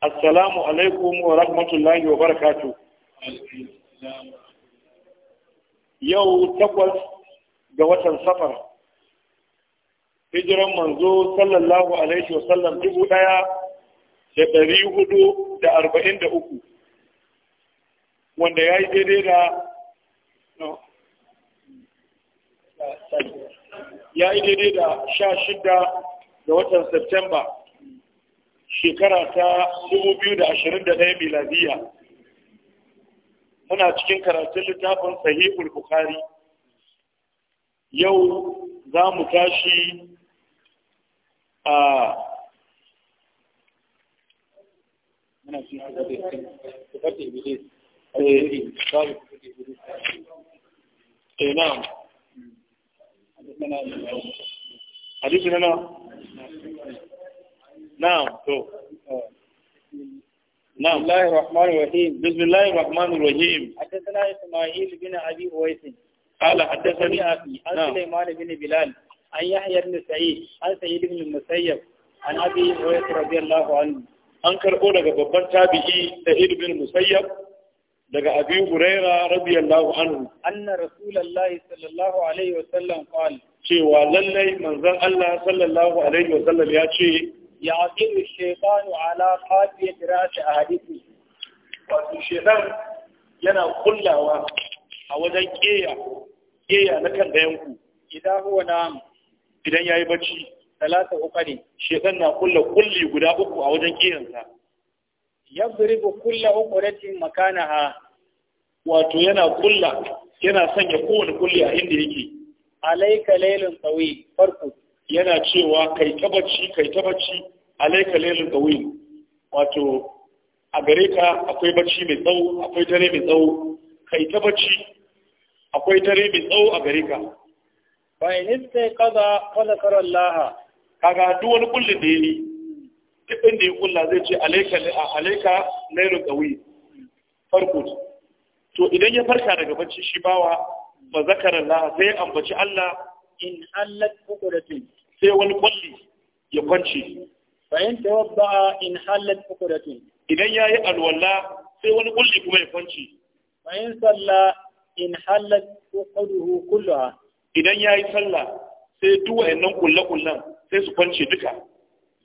assalamu alaikum wa rahmatullahi wa barakatu yau takwas ga watan safar hijiran manzo sallallahu alaihi wa sallam dubu daya da ɗari hudu da arba'in da uku wanda ya yi daidai da ya yi daidai da sha shida ga watan Septemba shekara ta 2021 miladiya muna cikin karatun littafin sahihul bukhari yau za mu tashi a muna cikin na'am to نعم الله الرحمن الرحيم بسم الله الرحمن الرحيم حدثنا بن قال حدثني ابي عن سليمان بن بلال عن يحيى بن سعيد عن سعيد بن المسيب عن ابي أويس رضي الله عنه an karɓo daga babban tabi'i da ibn musayyab daga abi huraira radiyallahu anhu anna rasulullahi sallallahu alaihi wa sallam cewa lallai manzon Allah sallallahu alaihi wa sallam ya ce يعطيه الشيطان على قافية رأس أهدفه الشيطان ينا قلوا أولا كيا كيا لكن بينكو إذا هو نام إذا يأي بشي ثلاثة أقني الشيطان نقول كل يقدابك أولا كيا يضرب كل أقرة مكانها wato ينا kulla ينا سنجقون كل kulli عليك ليل طويل alaika yana cewa kai ta bacci kai ta bacci alaika lailul qawim wato a gare ka akwai bacci mai tsawo akwai dare mai tsawo kai ta bacci akwai dare mai tsawo a gare ka in istai kaza wala karallaha kaga duk wani kullin da yayi kidin da ya kulla zai ce alaika alaika lailul qawim farko to idan ya farka daga bacci shi bawa ba zakarar Allah sai ambaci Allah in hallat uqdatin sai wani kwalli ya kwance bayan tawabba in halat ukudatun idan yayi alwala sai wani kulli kuma ya kwance bayan salla in halat ukuduhu kullaha idan yayi salla sai duk wayannan kulle kullan sai su kwance duka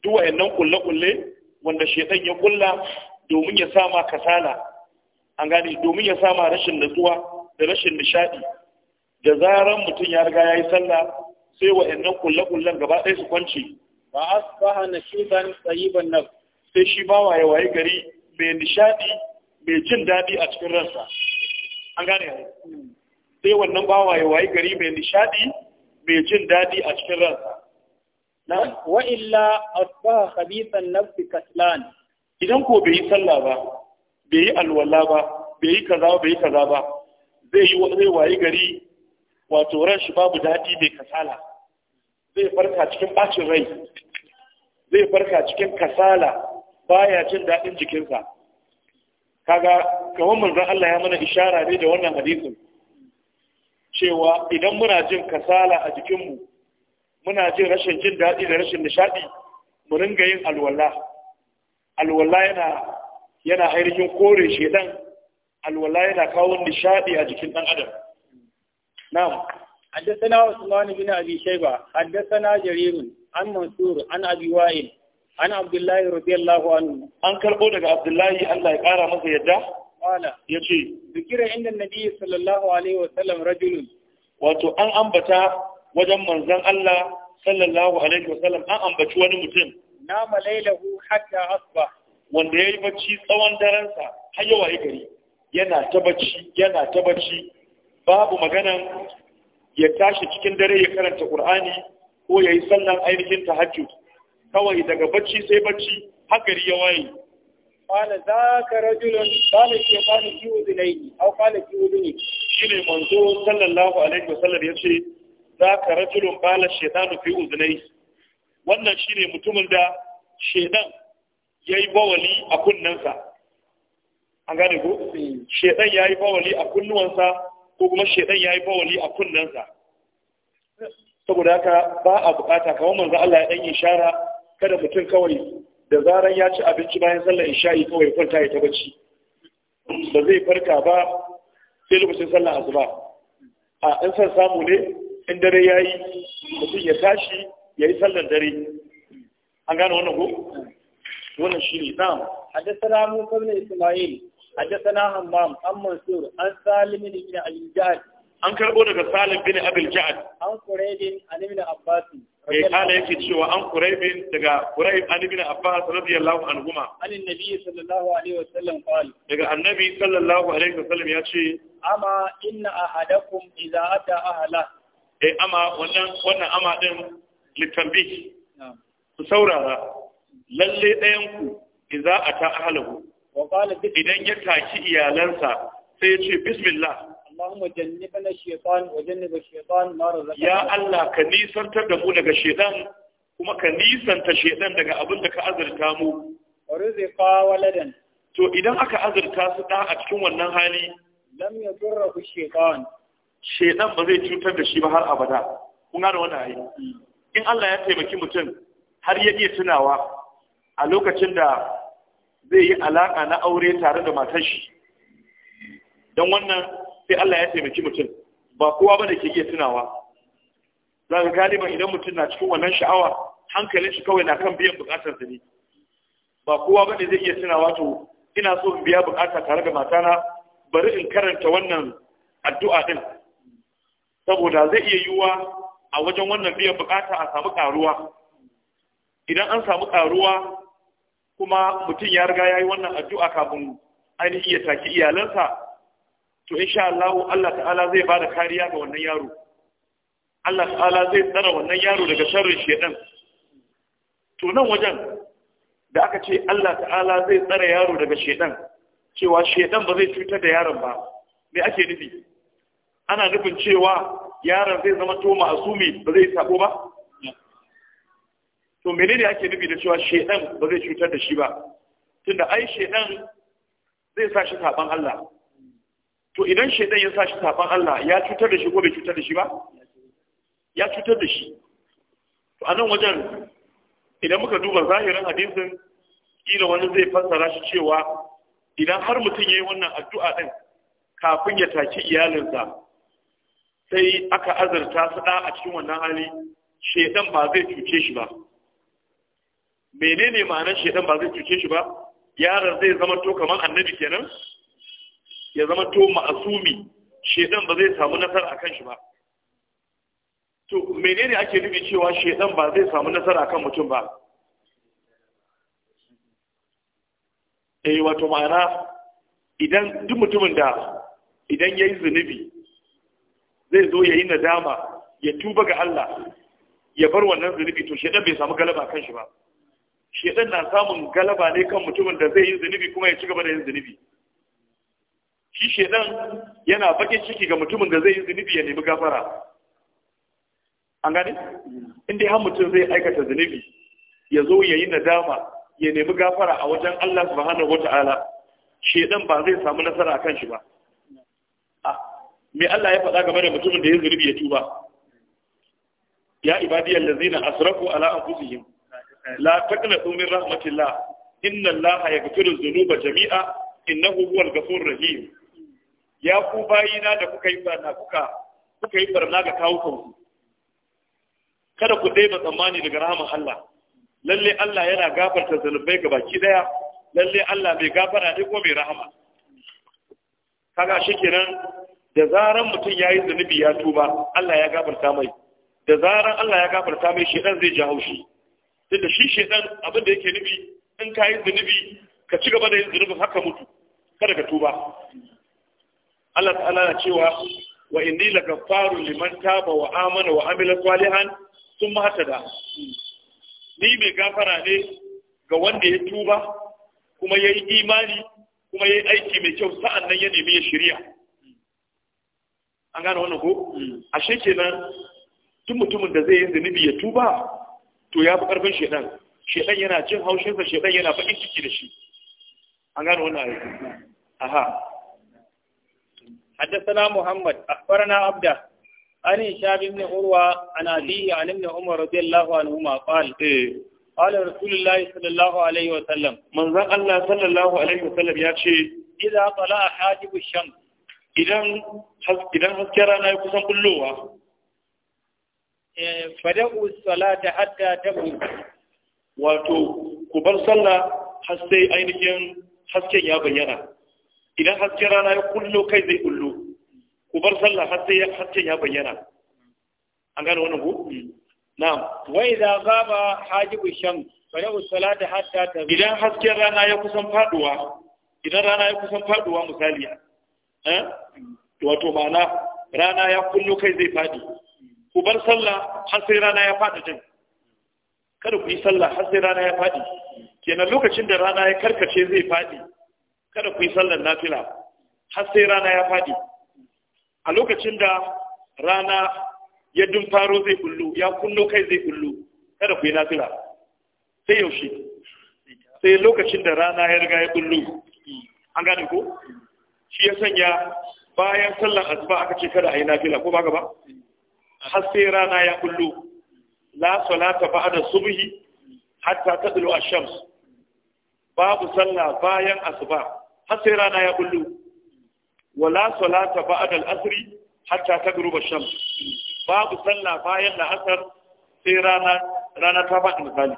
duk wayannan kulle kulle wanda shedan ya kulla domin ya sama kasala an gane domin ya sama rashin natsuwa da rashin nishadi da zaran mutum ya riga yayi sallah sai wa'annan kullakullan gaba ɗaya su kwanci ba asbaha nashiban tayyiban naf sai shi ba wa waye gari mai nishadi mai jin daɗi a cikin ransa an gane hmm. sai wannan ba wa waye gari mai nishadi mai jin daɗi a cikin ransa na wa illa asbaha khabithan nafsi kaslan idan ko bai yi sallah ba bai yi alwala ba bai yi kaza ba bai yi kaza ba zai yi zai waye gari wato ran shi babu daɗi mai kasala zai farka cikin bacin rai zai farka cikin kasala baya jin daɗin jikinsa kaga kamar manzon Allah ya mana ishara ne da wannan hadisin cewa idan muna jin kasala a jikinmu muna jin rashin jin daɗi da rashin nishaɗi mu ringa yin alwala alwala yana yana ainihin kore shedan alwala yana kawo nishaɗi a jikin ɗan adam نعم حدثنا عثمان بن أبي شيبة حدثنا جرير عن منصور عن أبي وائل عن عبد الله رضي الله عنه عن كربونك عبد الله الله يقارى مصر يده قال يجي ذكر عند النبي صلى الله عليه وسلم رجل wato an ambata wajen manzon Allah sallallahu alaihi wasallam an ambaci wani mutum nama lailahu hatta asba wanda yayi bacci tsawon daren sa har yawa gari yana ta bacci yana ta bacci babu maganan ya tashi cikin dare ya karanta Qur'ani ko ya yi sallan ainihin tahajjud kawai daga bacci sai bacci hakari ya waye qala zaka rajulun qala shaytanu fi udunayhi aw qala fi udunayhi shine manzo sallallahu alaihi wasallam yace zaka rajulun qala shaytanu fi udunayhi wannan shine mutumin da shedan yayi bawali a kunnansa an gane ko eh. shedan yayi bawali a kunnuwansa ko kuma shedan yayi bawali a kunnensa saboda haka ba a bukata kamar manzo Allah ya dan shara. kada mutum kawai da zaran ya ci abinci bayan sallar isha'i kawai kwanta ya ta bacci ba zai farka ba sai lokacin sallar asuba a in san samu ne in dare yayi mutum ya tashi yayi sallar dare an gane wannan ko wannan shine na'am حدثنا موسى بن isma'il حدثنا همام عن منصور عن سالم بن ابي الجعد an karbo daga Salim bin Abil Ja'ad an Quraybin an ibn Abbas eh kana yake cewa an Quraybin daga Qurayb an ibn Abbas radiyallahu anhuma anin nabi sallallahu alaihi wasallam qal daga annabi sallallahu alaihi wasallam ya ce ama inna ahadakum idza ata ahla eh ama wannan wannan ama din litambi ku saurara lalle ɗayan ku idza ata ahlahu idan ya taki iyalansa sai ya ce bismillah Allahumma shaytan ya Allah ka nisantar da mu daga shaytan kuma ka nisanta shaytan daga abin da ka azurta mu to idan aka azurta su da a cikin wannan hali lam yadurru shaytan shaytan ba zai cutar da shi ba har abada kun gane wannan ayi mm. in Allah ya taimaki mutum har ya iya tunawa a lokacin da zai yi alaƙa na aure tare da matan shi don wannan sai Allah ya taimaki mutum ba kowa ba da ke iya tunawa za ka galiban idan mutum na cikin wannan sha'awa hankalin shi kawai na kan biyan bukatar ne ba kowa ba ne zai iya tunawa to ina so in biya bukata tare da matana bari in karanta wannan addu'a din saboda zai iya yiwuwa a wajen wannan biyan bukata a samu karuwa idan an samu karuwa kuma mutum ya riga ya yi wannan addu'a kafin ainihin iya taki iyalansa to sha Allah Allah ta'ala zai bada kariya ga wannan yaro Allah ta'ala zai tsara wannan yaro daga sharrin shedan to nan wajen da aka ce Allah ta'ala zai tsara yaro daga shedan cewa shedan ba zai cutar da yaron ba me ake nufi ana nufin cewa yaron zai zama to ma'asumi ba zai sabo ba to menene ake nufi da cewa shedan ba zai cutar da shi ba tunda ai shedan zai sa shi saban Allah to idan shedan ya sa shi saban Allah ya cutar da shi ko bai cutar da shi ba ya cutar da shi to anan wajen idan muka duba zahirin hadisin kila wani zai fassara shi cewa idan har mutum ya yi wannan addu'a din kafin ya taki iyalinsa sai aka azurta su ɗa a cikin wannan hali shedan ba zai cuce shi ba menene ma'anar shedan ba zai cuce shi ba yaron zai zama to kamar annabi kenan ya zama to ma'asumi shedan ba zai samu nasara akan shi ba to menene ake nufi cewa shedan ba zai samu nasara akan mutum ba eh wato ma'ana idan duk mutumin da idan yayi zunubi zai zo yayi nadama ya tuba ga Allah ya bar wannan zunubi to shedan bai samu galaba kan shi ba shedan na samun galaba ne kan mutumin da zai yi zunubi kuma ya ci gaba da yin zunubi shi shedan yana bakin ciki ga mutumin da zai yi zunubi ya nemi gafara an gane inda dai har mutum zai aikata zunubi ya zo ya yi nadama ya nemi gafara a wajen Allah subhanahu Ala. shedan ba zai samu nasara kan shi ba me Allah ya faɗa game da mutumin da ya zunubi ya tuba ya ibadiyal ladzina asrafu ala anfusihim la taqnatu min rahmatillah inna allaha yaghfiru dhunuba jami'a innahu huwal ghafurur rahim ya ku bayina da kuka yi barna kuka kuka yi barna ga kawo ku. kada ku dai tsammani daga rahman Allah lalle Allah yana gafarta zanubai ga baki daya lalle Allah bai gafara ne ko mai rahama kaga kenan da zaran mutum yayi zanubi ya tuba Allah ya gafarta mai da zaran Allah ya gafarta mai shedan zai ji haushi tunda shi shedan abin da yake nufi in ka yi zunubi ka ci gaba da yin zunubin haka mutu kada ka tuba Allah ta'ala na cewa wa inni gaffaru liman taba wa amana wa amila salihan sun da ni mai gafara ne ga wanda ya tuba kuma ya yi imani kuma ya yi aiki mai kyau sa'an nan ya nemi ya shirya an gane wannan ko mm. ashe kenan duk mutumin da zai yi zunubi ya tuba to ya fi ƙarfin shedan shedan yana cin haushinsa shedan yana faɗin ciki da shi an gano wani ayyuka aha haddasana muhammad akbarana abda an yi shabi urwa a nabiyyi an ibn umar radiyallahu anhu ma qal eh. qala rasulullahi sallallahu alaihi wa sallam manzon allah sallallahu alaihi wa sallam ya ce idan tsala a hajibu shan idan hasken rana ya kusan kullowa Eh, fada'u salata hatta tabu wato ku bar sallah har sai ainihin hasken ya bayyana idan hasken rana ya kullo kai zai kullo ku bar sallah har sai hasken ya bayyana an gane wannan ku na'am wa idza ghaba hajibu shams fada'u salata hatta tabu idan hasken rana ya kusan faduwa idan rana ya kusan faduwa misali eh wato ma'ana rana ya kullo kai zai fadi ku bar sallah har sai rana ya faɗi din kada ku yi sallah har sai rana ya faɗi kenan lokacin da rana ya karkace zai faɗi kada ku yi sallar nafila har sai rana ya faɗi a lokacin da rana ya dumfaro zai kullu ya kullo kai zai kullu kada ku yi nafila sai yaushe sai lokacin da rana ya riga ya kullu an gane ko shi ya sanya bayan sallar asuba aka ce kada a yi nafila ko ba ga ba har sai rana ya kullu la salata ba'da subhi hatta tadlu ash-shams babu sallah bayan asuba har sai rana ya kullu Wa la salata ba'da al-asri hatta tagruba ash-shams babu sallah bayan la'asar sai rana rana ta faɗi misali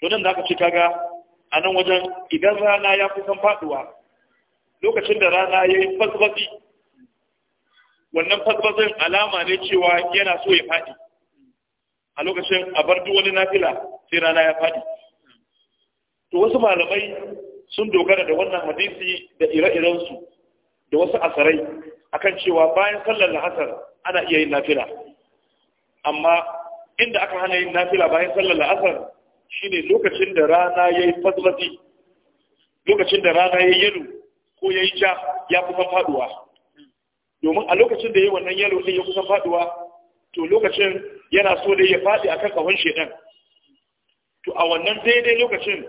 to nan da aka ce kaga a nan wajen idan rana ya kusan faduwa lokacin da rana ya yi fasfasi wannan fasfasin alama ne cewa yana so ya faɗi a lokacin a bar duk wani nafila sai rana ya faɗi to wasu malamai sun dogara da wannan hadisi da ire-irensu da wasu asarai akan cewa bayan sallar la'asar ana iya yin nafila amma inda aka hana yin nafila bayan sallar la'asar shine lokacin da rana ya yi fasfasi lokacin da rana ya yi yalo ko ya yi ja ya kusan faduwa domin a lokacin da ya wannan yalo ɗin ya kusan faduwa to lokacin yana so da ya faɗi akan kawon shedan to a wannan daidai lokacin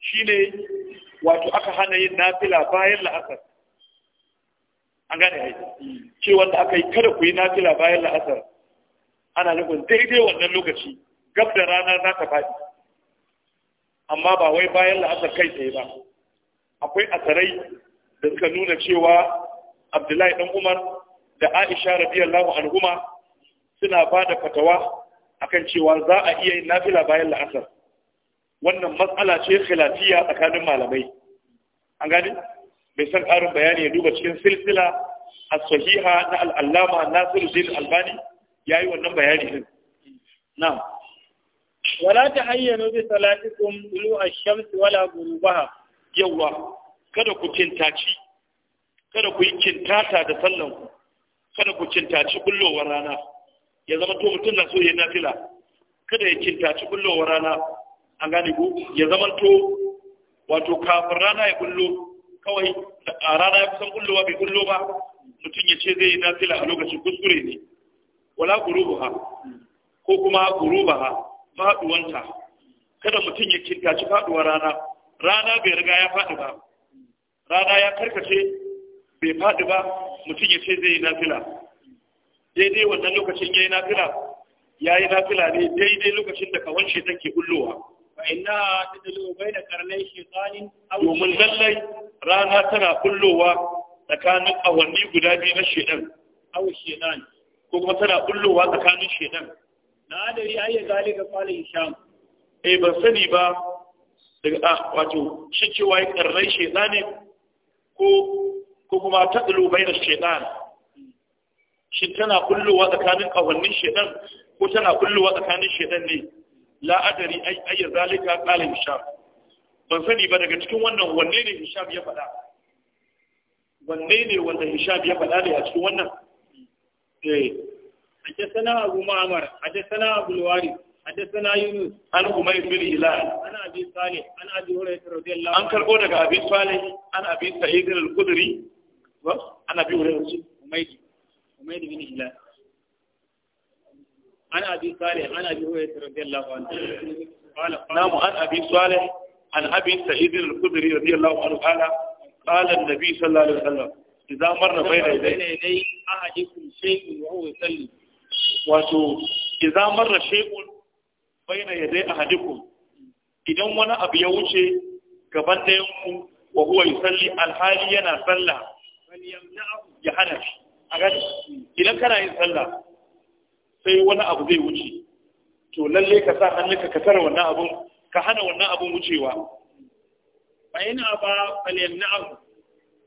shine wato aka hana yin nafila bayan la'asar an gane ai ce wanda aka yi kada ku yi nafila bayan la'asar ana nufin daidai wannan lokaci gab da ranar za ta faɗi amma ba wai bayan la'asar kai tsaye ba akwai asarai da suka nuna cewa abdullahi dan umar da aisha radiyallahu anhuma suna ba da fatawa akan cewa za a iya yin nafila bayan la'asar wannan matsala ce khilafiya tsakanin malamai an gani bai san ƙarin bayani ya duba cikin silsila a sahiha na al'allama nasiru zin albani ya yi wannan bayani din Na'am. wala ta hayyano bi salatikum tulu ash-shams wala ghurubaha yawa kada ku tintaci kada ku yi kintata da sallan ku kada ku kintaci bullowar rana ya zama to mutum na so ya nafila kada ya kintaci bullowar rana an gane ku ya zama to wato kafin rana ya bullo kawai a rana ya kusan bullowa bai bullo ba mutum ya ce zai yi nafila a lokacin kuskure ne wala ha ko kuma gurubaha faduwanta kada mutum ya kintaci faduwar rana rana bai riga ya faɗi ba rana ya karkace bai faɗi ba mutum ya ce zai yi nafila daidai wannan lokacin ya yi nafila ya yi nafila ne daidai lokacin da kawan shi take bullowa fa'ina ta dalo bai da karnai shekanin domin lallai rana tana bullowa tsakanin awanni guda biyu na shedan awu shedan ko kuma tana bullowa tsakanin shedan na da ya yi ga kwalin sham eh ban sani ba daga a ah, wato shi cewa ya karnai shedanin ko ko kuma ta ɗulu bai da shaitan shi tana kullowa tsakanin kawannin shaitan ko tana kullowa tsakanin shaitan ne la adari la'adari ayyar zalika qala hisham ban sani ba daga cikin wannan wanne ne hisham ya faɗa wanne ne wanda hisham ya faɗa ne a cikin wannan eh sana abu ma'amar حدثنا sana abu حدثنا أبو sana yunus an kuma yi biri ila عن abi salih عن abi hurairah radiyallahu an karbo daga abi salih صالح abi sa'id al الخدري ana bi wurin bin hilal ana abi salih ana abi hurairah radiyallahu anhu qala namu an abi salih an abi sa'id al-khudri radiyallahu anhu qala qala an-nabi sallallahu alaihi wasallam idza marra bayna yaday ahadikum shay'un wa huwa yusalli wato idza marra shay'un bayna yaday idan wani abu ya wuce gaban ɗayan ku wa salli, alhali yana sallah ya idan kana yin sallah sai wani abu zai wuce to lalle ka sa hannunka ka tara wannan abun ka hana wannan abun wucewa bayan aba falyamna'u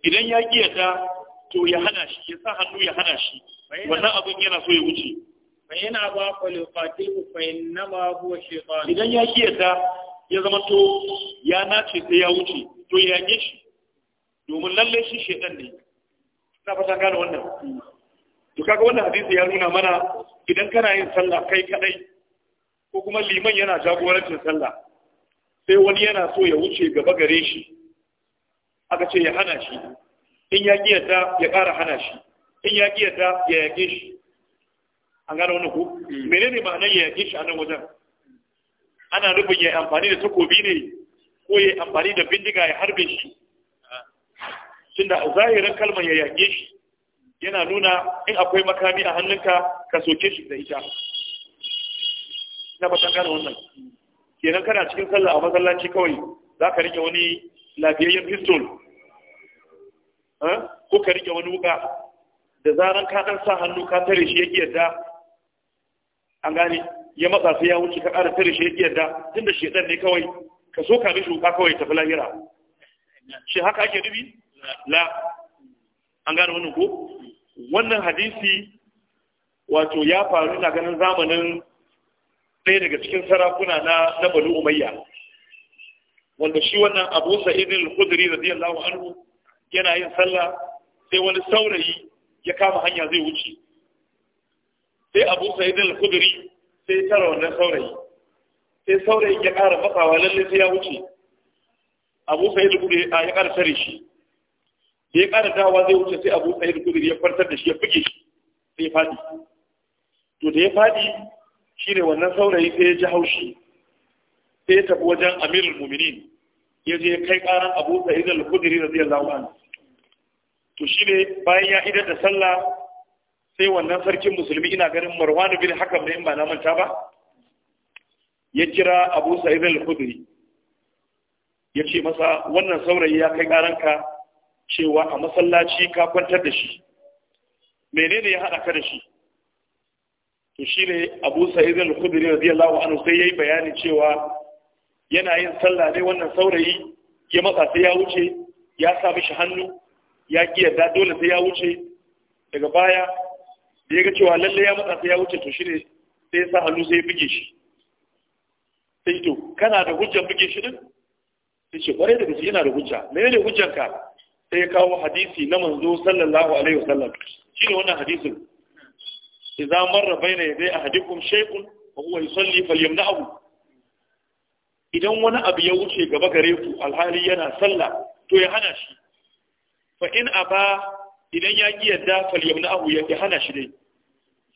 idan ya ta to ya hana shi ya sa hannu ya hana shi wannan abun yana so ya wuce bayan aba falyqatilu fa innama huwa shaytan idan ya ta ya zama to ya nace sai ya wuce to ya yake shi domin lalle shi shaytan ne na fata gane wannan to kaga wannan hadisi ya nuna mana idan kana yin sallah kai kadai ko kuma liman yana jagorancin sallah sai wani yana so ya wuce gaba gare shi aka ce ya hana shi in ya ki yadda ya ƙara hana shi in ya ki yadda ya yake shi an gane wannan ko mm. menene ma'anar ya yake shi a nan wajen ana nufin ya amfani da takobi ne ko ya amfani da bindiga ya harbe shi tunda zahirin kalmar ya yage shi yana nuna in akwai makami a hannunka ka soke shi da ita na fatan gane wannan kenan kana cikin sallah a masallaci kawai za ka rike wani lafiyayyen pistol eh, ko ka rike wani wuka da zaran ka dan sa hannu ka tare shi yake yadda an gane ya matsa sai ya wuce ka ƙara tare shi yake yadda tunda shedan ne kawai ka so ka mishi wuka kawai tafi lahira shi haka ake dubi la an gane wannan ko wannan hadisi wato ya faru na ganin zamanin ɗaya daga cikin sarakuna na na Bani Umayya wanda shi wannan Abu Sa'id al-Khudri radiyallahu anhu yana yin sallah sai wani saurayi ya kama hanya zai wuce sai Abu Sa'id al-Khudri sai tara wannan saurayi sai saurayin ya ƙara fasawa lalle sai ya wuce Abu Sa'id al-Khudri ya ƙara tare shi da ya ƙara dawa zai wuce sai abu da kudiri ya kwantar da shi ya buge shi sai faɗi to da ya faɗi ne wannan saurayi sai ya ji haushi sai ya tafi wajen amirul muminin ya je kai ƙaran abu sa'id al-kudiri radiyallahu anhu to shi ne bayan ya idar da sallah sai wannan sarkin musulmi ina ganin marwan bin hakam ne in ba na manta ba ya kira abu sa'id al-kudiri ya ce masa wannan saurayi ya kai ƙaranka cewa a masallaci ka kwantar da shi menene ya haɗa ka da shi to shi ne abu sa'id al-khudri radiyallahu anhu sai yayi bayani cewa yana yin sallah ne wannan saurayi ya matsa sai ya wuce ya sa mishi hannu ya ki yadda dole sai ya wuce daga baya da ya ga cewa lalle ya matsa sai ya wuce to shi ne sai ya sa hannu sai ya buge shi sai to kana da hujjar buge shi din sai ce kwarai da gaske yana da hujja menene hujjar ka sai kawo hadisi na manzo sallallahu alaihi wasallam shi ne wannan hadisin idza marra baina yaday ahadikum shay'un wa huwa yusalli falyamna'hu idan wani abu ya wuce gaba gare ku alhali yana sallah to ya hana shi fa in aba idan ya ki yadda falyamna'hu ya hana shi dai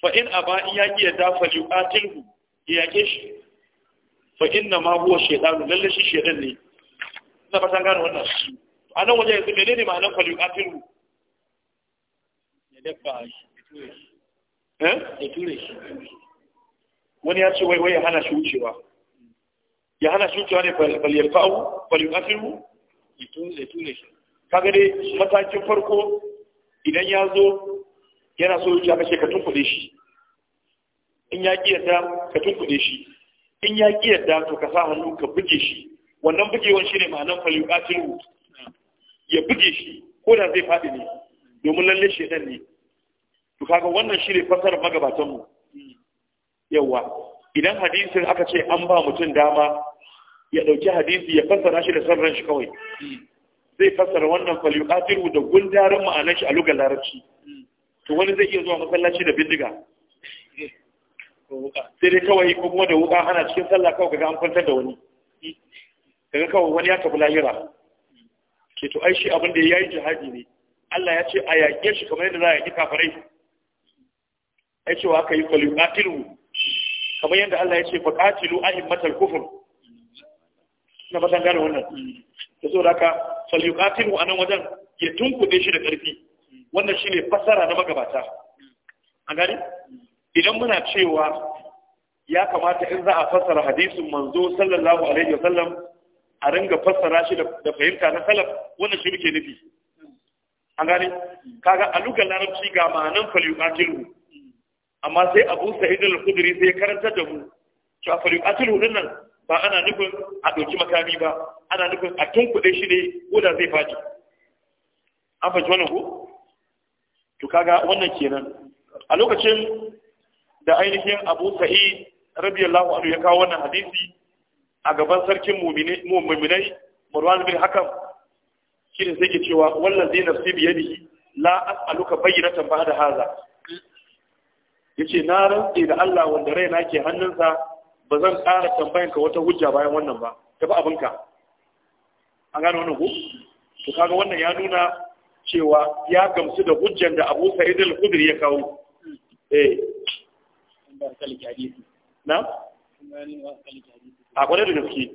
fa in aba in ya ki yadda falyuqatilhu ya yake shi fa inna ma huwa shaytanu lalle shi shaytan ne ina fatan gane wannan a nan waje yanzu menene ma'anar falyuqatilu ya dabba shi eh? ya ture shi wani ya ce wai wai ya hana shi wucewa ya hana shi wucewa ne a falyuqatilu ya ture shi kaga dai matakin farko idan ya zo yana so ya kashe ka tunkuɗe shi in ya ƙi yadda ka tunkuɗe shi in ya ƙi yadda to ka sa hannu ka buge shi wannan bugewan shi ne ma'anar falyuqatilu ya buge shi ko da zai faɗi ne domin lalle shi ne to kaga wannan shi ne fasarar magabatan mu yawa idan hadisin aka ce an ba mutum dama ya ɗauki hadisi ya fassara shi da sarran shi kawai zai fassara wannan falyuqatiru da gundarin ma'anar shi a lugar larabci to wani zai iya zuwa masallaci da bindiga sai dai kawai kuma da wuka ana cikin sallah kawai kaga an kwantar da wani kaga kawai wani ya tafi lahira ke to ai shi abin da ya yi jihadi ne Allah ya ce a yaƙe shi kamar yadda za a yaƙi kafirai ai cewa aka yi ƙatilu kamar yadda Allah ya ce a himmatar kufur na ba gane wannan da saboda ƙatilu a nan wajen ya tunkuɗe shi da ƙarfi wannan shi ne fasara na magabata A gani? idan muna cewa ya kamata in za a fasara hadisin manzo sallallahu alaihi wasallam a ringa fassara shi da fahimta na salaf wannan shi muke nufi an gane kaga a lugar larabci ga ma'anan falyuqatilu amma sai Abu Sa'id al-Khudri sai karanta da mu cewa falyuqatilu din nan ba ana nufin a doki makami ba ana nufin a tunkuɗe shi ne ko da zai faɗi an fahimci wannan ko to kaga wannan kenan a lokacin da ainihin Abu Sa'id radiyallahu anhu ya kawo wannan hadisi a gaban sarkin muminai marwan bin hakan shi ne sai ke cewa wannan zai nafsi biye ne la as'aluka na ba da haza yace na rantse da Allah wanda raina ke hannunsa ba zan ƙara tambayan ka wata hujja bayan wannan ba tafi abinka an gano wannan ku to kaga wannan ya nuna cewa ya gamsu da hujjan da Abu Sa'id al-Khudri ya kawo eh na a kwanar da gaske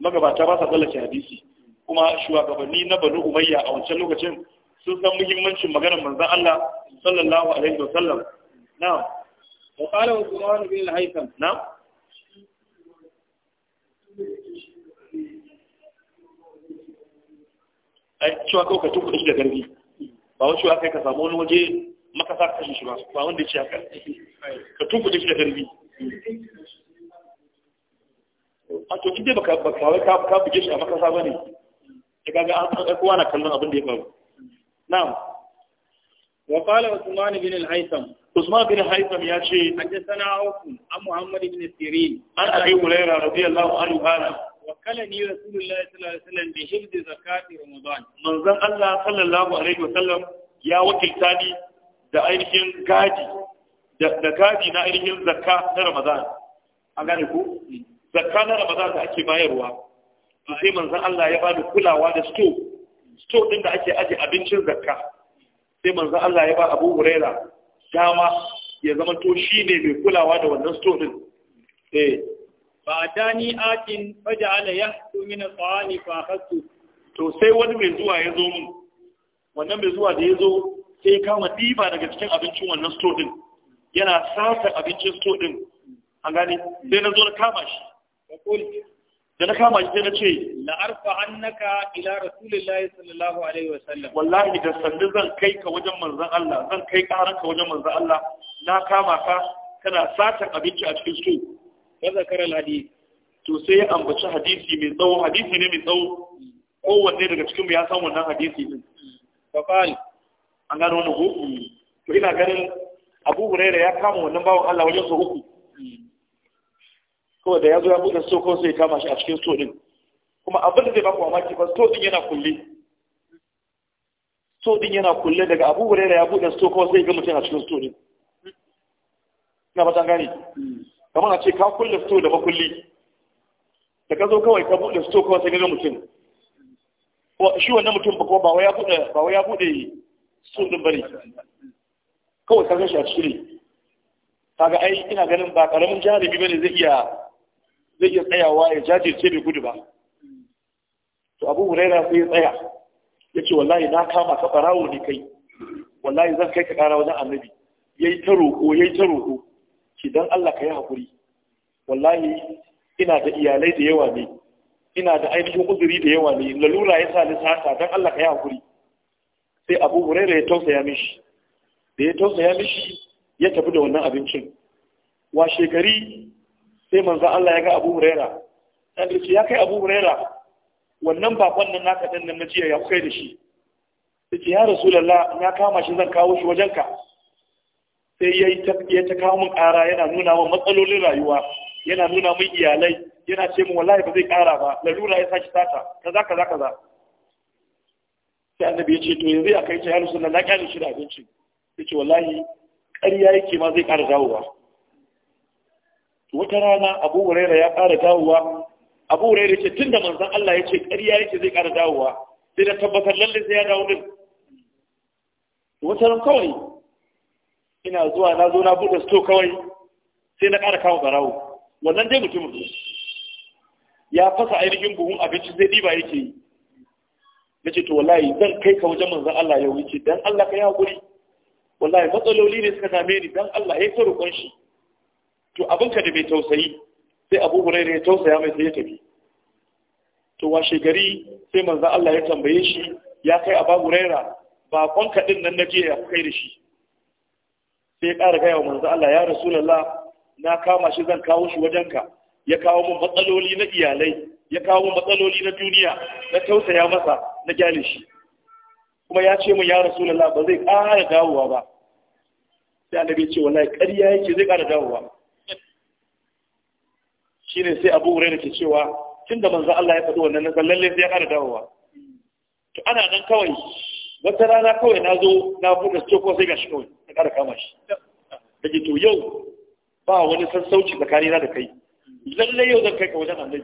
magabata ba sa tsallake hadisi kuma shugabanni na banu umayya a wancan lokacin sun san muhimmancin maganar manzan Allah sallallahu alaihi wa sallam na'am wa qala Uthman bin al-Haytham na'am ai cewa kawai ka tuku shi da garbi ba wani cewa kai ka samu wani waje maka sa ka kashe shi ba ba wanda ya ce haka ka tuku shi da garbi a to inda baka baka ka ka buge shi a makasa bane ya kaga an san na kallon abin da ya faru na'am wa qala usman al usman al ya ce haddathana awfu an muhammad bin sirin an abi hurairah radiyallahu anhu kana وكلني رسول الله صلى الله عليه وسلم بحفظ زكاة رمضان من ذن الله صلى الله عليه وسلم يا وكيل ثاني da ainihin gadi da gadi na ainihin zakka na Ramadan an gane ku zakka na ramadan da ake bayarwa sai manzon Allah ya bada kulawa da sto sto din da ake aje abincin zakka sai manzon Allah ya ba Abu Huraira dama ya zama to shine mai kulawa da wannan sto din eh ba dani atin faja'ala yahtu min al-qani fa khattu to sai wani mai zuwa ya zo mun wannan mai zuwa da ya zo sai kama ɗiba daga cikin abincin wannan sto din yana sata abincin sto din an gane sai na zo na kama shi da na kama shi na ce la'arfa annaka ila rasulillahi sallallahu alaihi wa sallam wallahi da sandu zan kai ka wajen manzon Allah zan kai karan ka wajen manzon Allah na kama ka kana satar abinci a cikin shi ya zakara ladi to sai ya ambaci hadisi mai tsawo hadisi ne mai tsawo kowanne daga cikin mu ya san wannan hadisi din fa qal an gano wannan ko to ina ganin Abu Hurairah ya kama wannan bawon Allah wajen sa uku kawai da ya zo ya buɗe so ko sai kama shi a cikin so din kuma abin da zai baku mamaki ba so din yana kulle so din yana kulle daga abu da ya buɗe so ko sai ga mutum a cikin so din ina ba tan gane kamar a ce ka kulle so da makulli da ka zo kawai ka buɗe so kawai sai ga mutum shi wannan mutum ba ba wai ya buɗe ba wai ya buɗe so din bane kawai ka shi a cikin kaga ai ina ganin ba karamin jarumi bane zai iya zai iya tsayawa ya jajirce bai gudu ba to abu huraira sai ya tsaya ya ce wallahi na kama ka barawo ne kai wallahi zan kai ka kara wajen annabi ya yi ta roƙo ya yi ta roƙo ki dan Allah ka yi haƙuri wallahi ina da iyalai da yawa ne ina da ainihin uzuri da yawa ne lalura ya sa ni sata dan Allah ka yi haƙuri sai abu huraira ya tausaya mishi da ya tausaya mishi ya tafi da wannan abincin washe gari sai manzo Allah ya ga Abu Huraira dan ce ya kai Abu Huraira wannan bakon nan naka dan nan jiya ya kai da shi sai ya Rasulullah na kama shi zan kawo shi wajenka sai ya ya ta kawo min ƙara yana nuna min matsalolin rayuwa yana nuna min iyalai yana ce min wallahi ba zai ƙara ba lalura ya saki sata kaza kaza kaza sai annabi ya ce to yanzu ya kai ta ya Rasulullah na kyale shi da abinci yace wallahi ƙarya yake ma zai ƙara dawowa wata rana abu huraira ya ƙara dawowa abu huraira ce tun da manzan Allah ya ce ƙarya ce zai ƙara dawowa sai da tabbatar lalle sai ya dawo din wata ran kawai ina zuwa na zo na buɗe sto kawai sai na ƙara kawo barawo wannan dai mutum ya fasa ainihin buhun abinci zai ɗiba yake yi na ce to wallahi zan kai ka wajen manzan Allah ya wuce dan Allah ka yi haƙuri wallahi matsaloli ne suka same ni dan Allah ya ta roƙon shi to ka da mai tausayi sai abu hurai ya tausaya mai sai ya tafi to wa gari sai manzo Allah ya tambaye shi ya kai abu ra ba kwanka din nan naje ya kai da shi sai ya ƙara gaya wa manzo Allah ya rasulullah na kama shi zan kawo shi wajenka ya kawo mun matsaloli na iyalai ya kawo mun matsaloli na duniya na tausaya masa na gyale shi kuma ya ce mun ya rasulullah ba zai ƙara dawowa ba sai annabi ya ce wallahi ƙarya yake zai ƙara dawowa shine sai abu da ke cewa tunda manzo Allah ya faɗi wannan na sallalle sai ya ƙara dawowa to ana nan kawai wata rana kawai na zo na buɗe ko sai gashi kawai na ƙara kama shi daga to yau ba wani sassauci tsakani na da kai lallai yau zan kai ka wajen annabi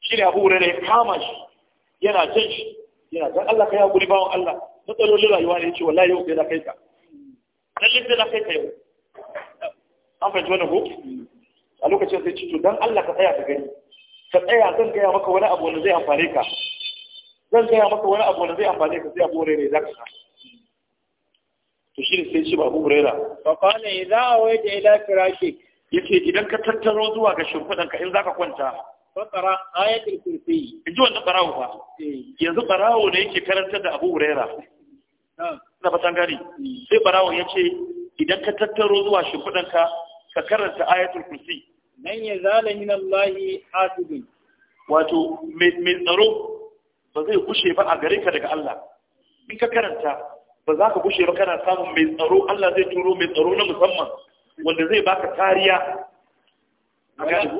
shi ne abu wurare ya kama shi yana jan shi yana jan Allah kai guri bawan Allah matsalolin rayuwa ne ce wallahi yau sai na kai ka lallai sai na kai ka yau an fahimci wannan ko a lokacin sai cikin to Allah ka tsaya ka gani ka tsaya zan gaya maka wani abu wanda zai amfane ka zan gaya maka wani abu wanda zai amfane ka sai abu rere za ka to shi ne sai ce babu burera fa qala idza awaita ila firashik yace idan ka tattaro zuwa ga shimfidan ka in zaka kwanta fakara ayatul kursi inji wannan barawo ba. Eh. yanzu barawo ne yake karantar da Abu Huraira ah. na ba tangari sai barawo ce idan ka tattaro zuwa shimfudanka ka ka karanta ayatul kursi lan ya zala min Allah hasibin wato mai tsaro ba zai gushe ba a gare ka daga Allah in ka karanta ba za ka gushe ba kana samun mai tsaro Allah zai turo mai tsaro na musamman wanda zai baka kariya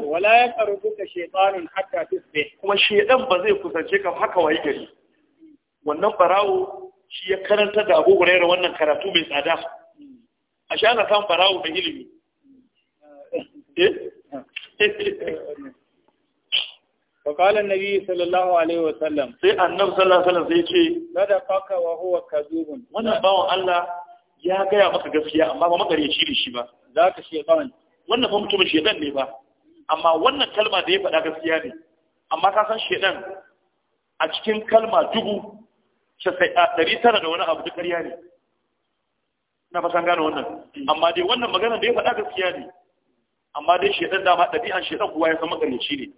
wala ya karubu ka shaytanun hatta tusbih kuma shaydan ba zai kusance ka haka wayi gari wannan barawo shi ya karanta da Abu Hurairah wannan karatu mai tsada a sha ana samun barawo da ilimi eh فقال النبي صلى الله عليه وسلم سي النبي صلى الله عليه وسلم sai ce sadaqaka wa huwa kadhubun wannan bawon Allah ya gaya maka gaskiya amma ba makareci ne shi ba Za ka shedan wannan ba mutum shedan ne ba amma wannan kalma da ya faɗa gaskiya ne amma ka san shedan a cikin kalma dubu ɗari tara da wani abu duk ƙarya ne na fasan gane wannan mm. amma dai wannan magana da ya faɗa gaskiya ne amma dai shedan dama ɗabi'an shedan kuwa ya san shi ne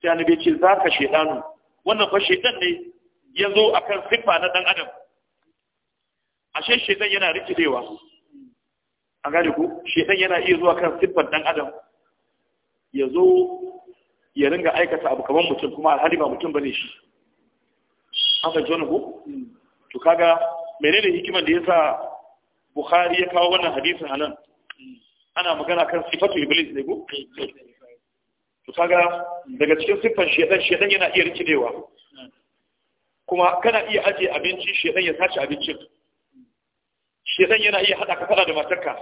sai annabi ce za ka shedanu wannan fa shedan ne ya zo akan siffa na dan adam ashe shedan yana rikidewa a gane ku shedan yana iya zuwa kan siffar dan adam ya zo ya ringa aikata abu kamar mutum kuma alhali ba mutum bane shi an fahimci wani ku to kaga menene hikimar da yasa bukhari ya kawo wannan hadisin anan ana magana kan sifatu iblis ne ko to kaga daga cikin siffan shedan shedan yana iya rikidewa kuma kana iya aje abinci shedan ya sace abincin shedan yana iya hada ka fada da matarka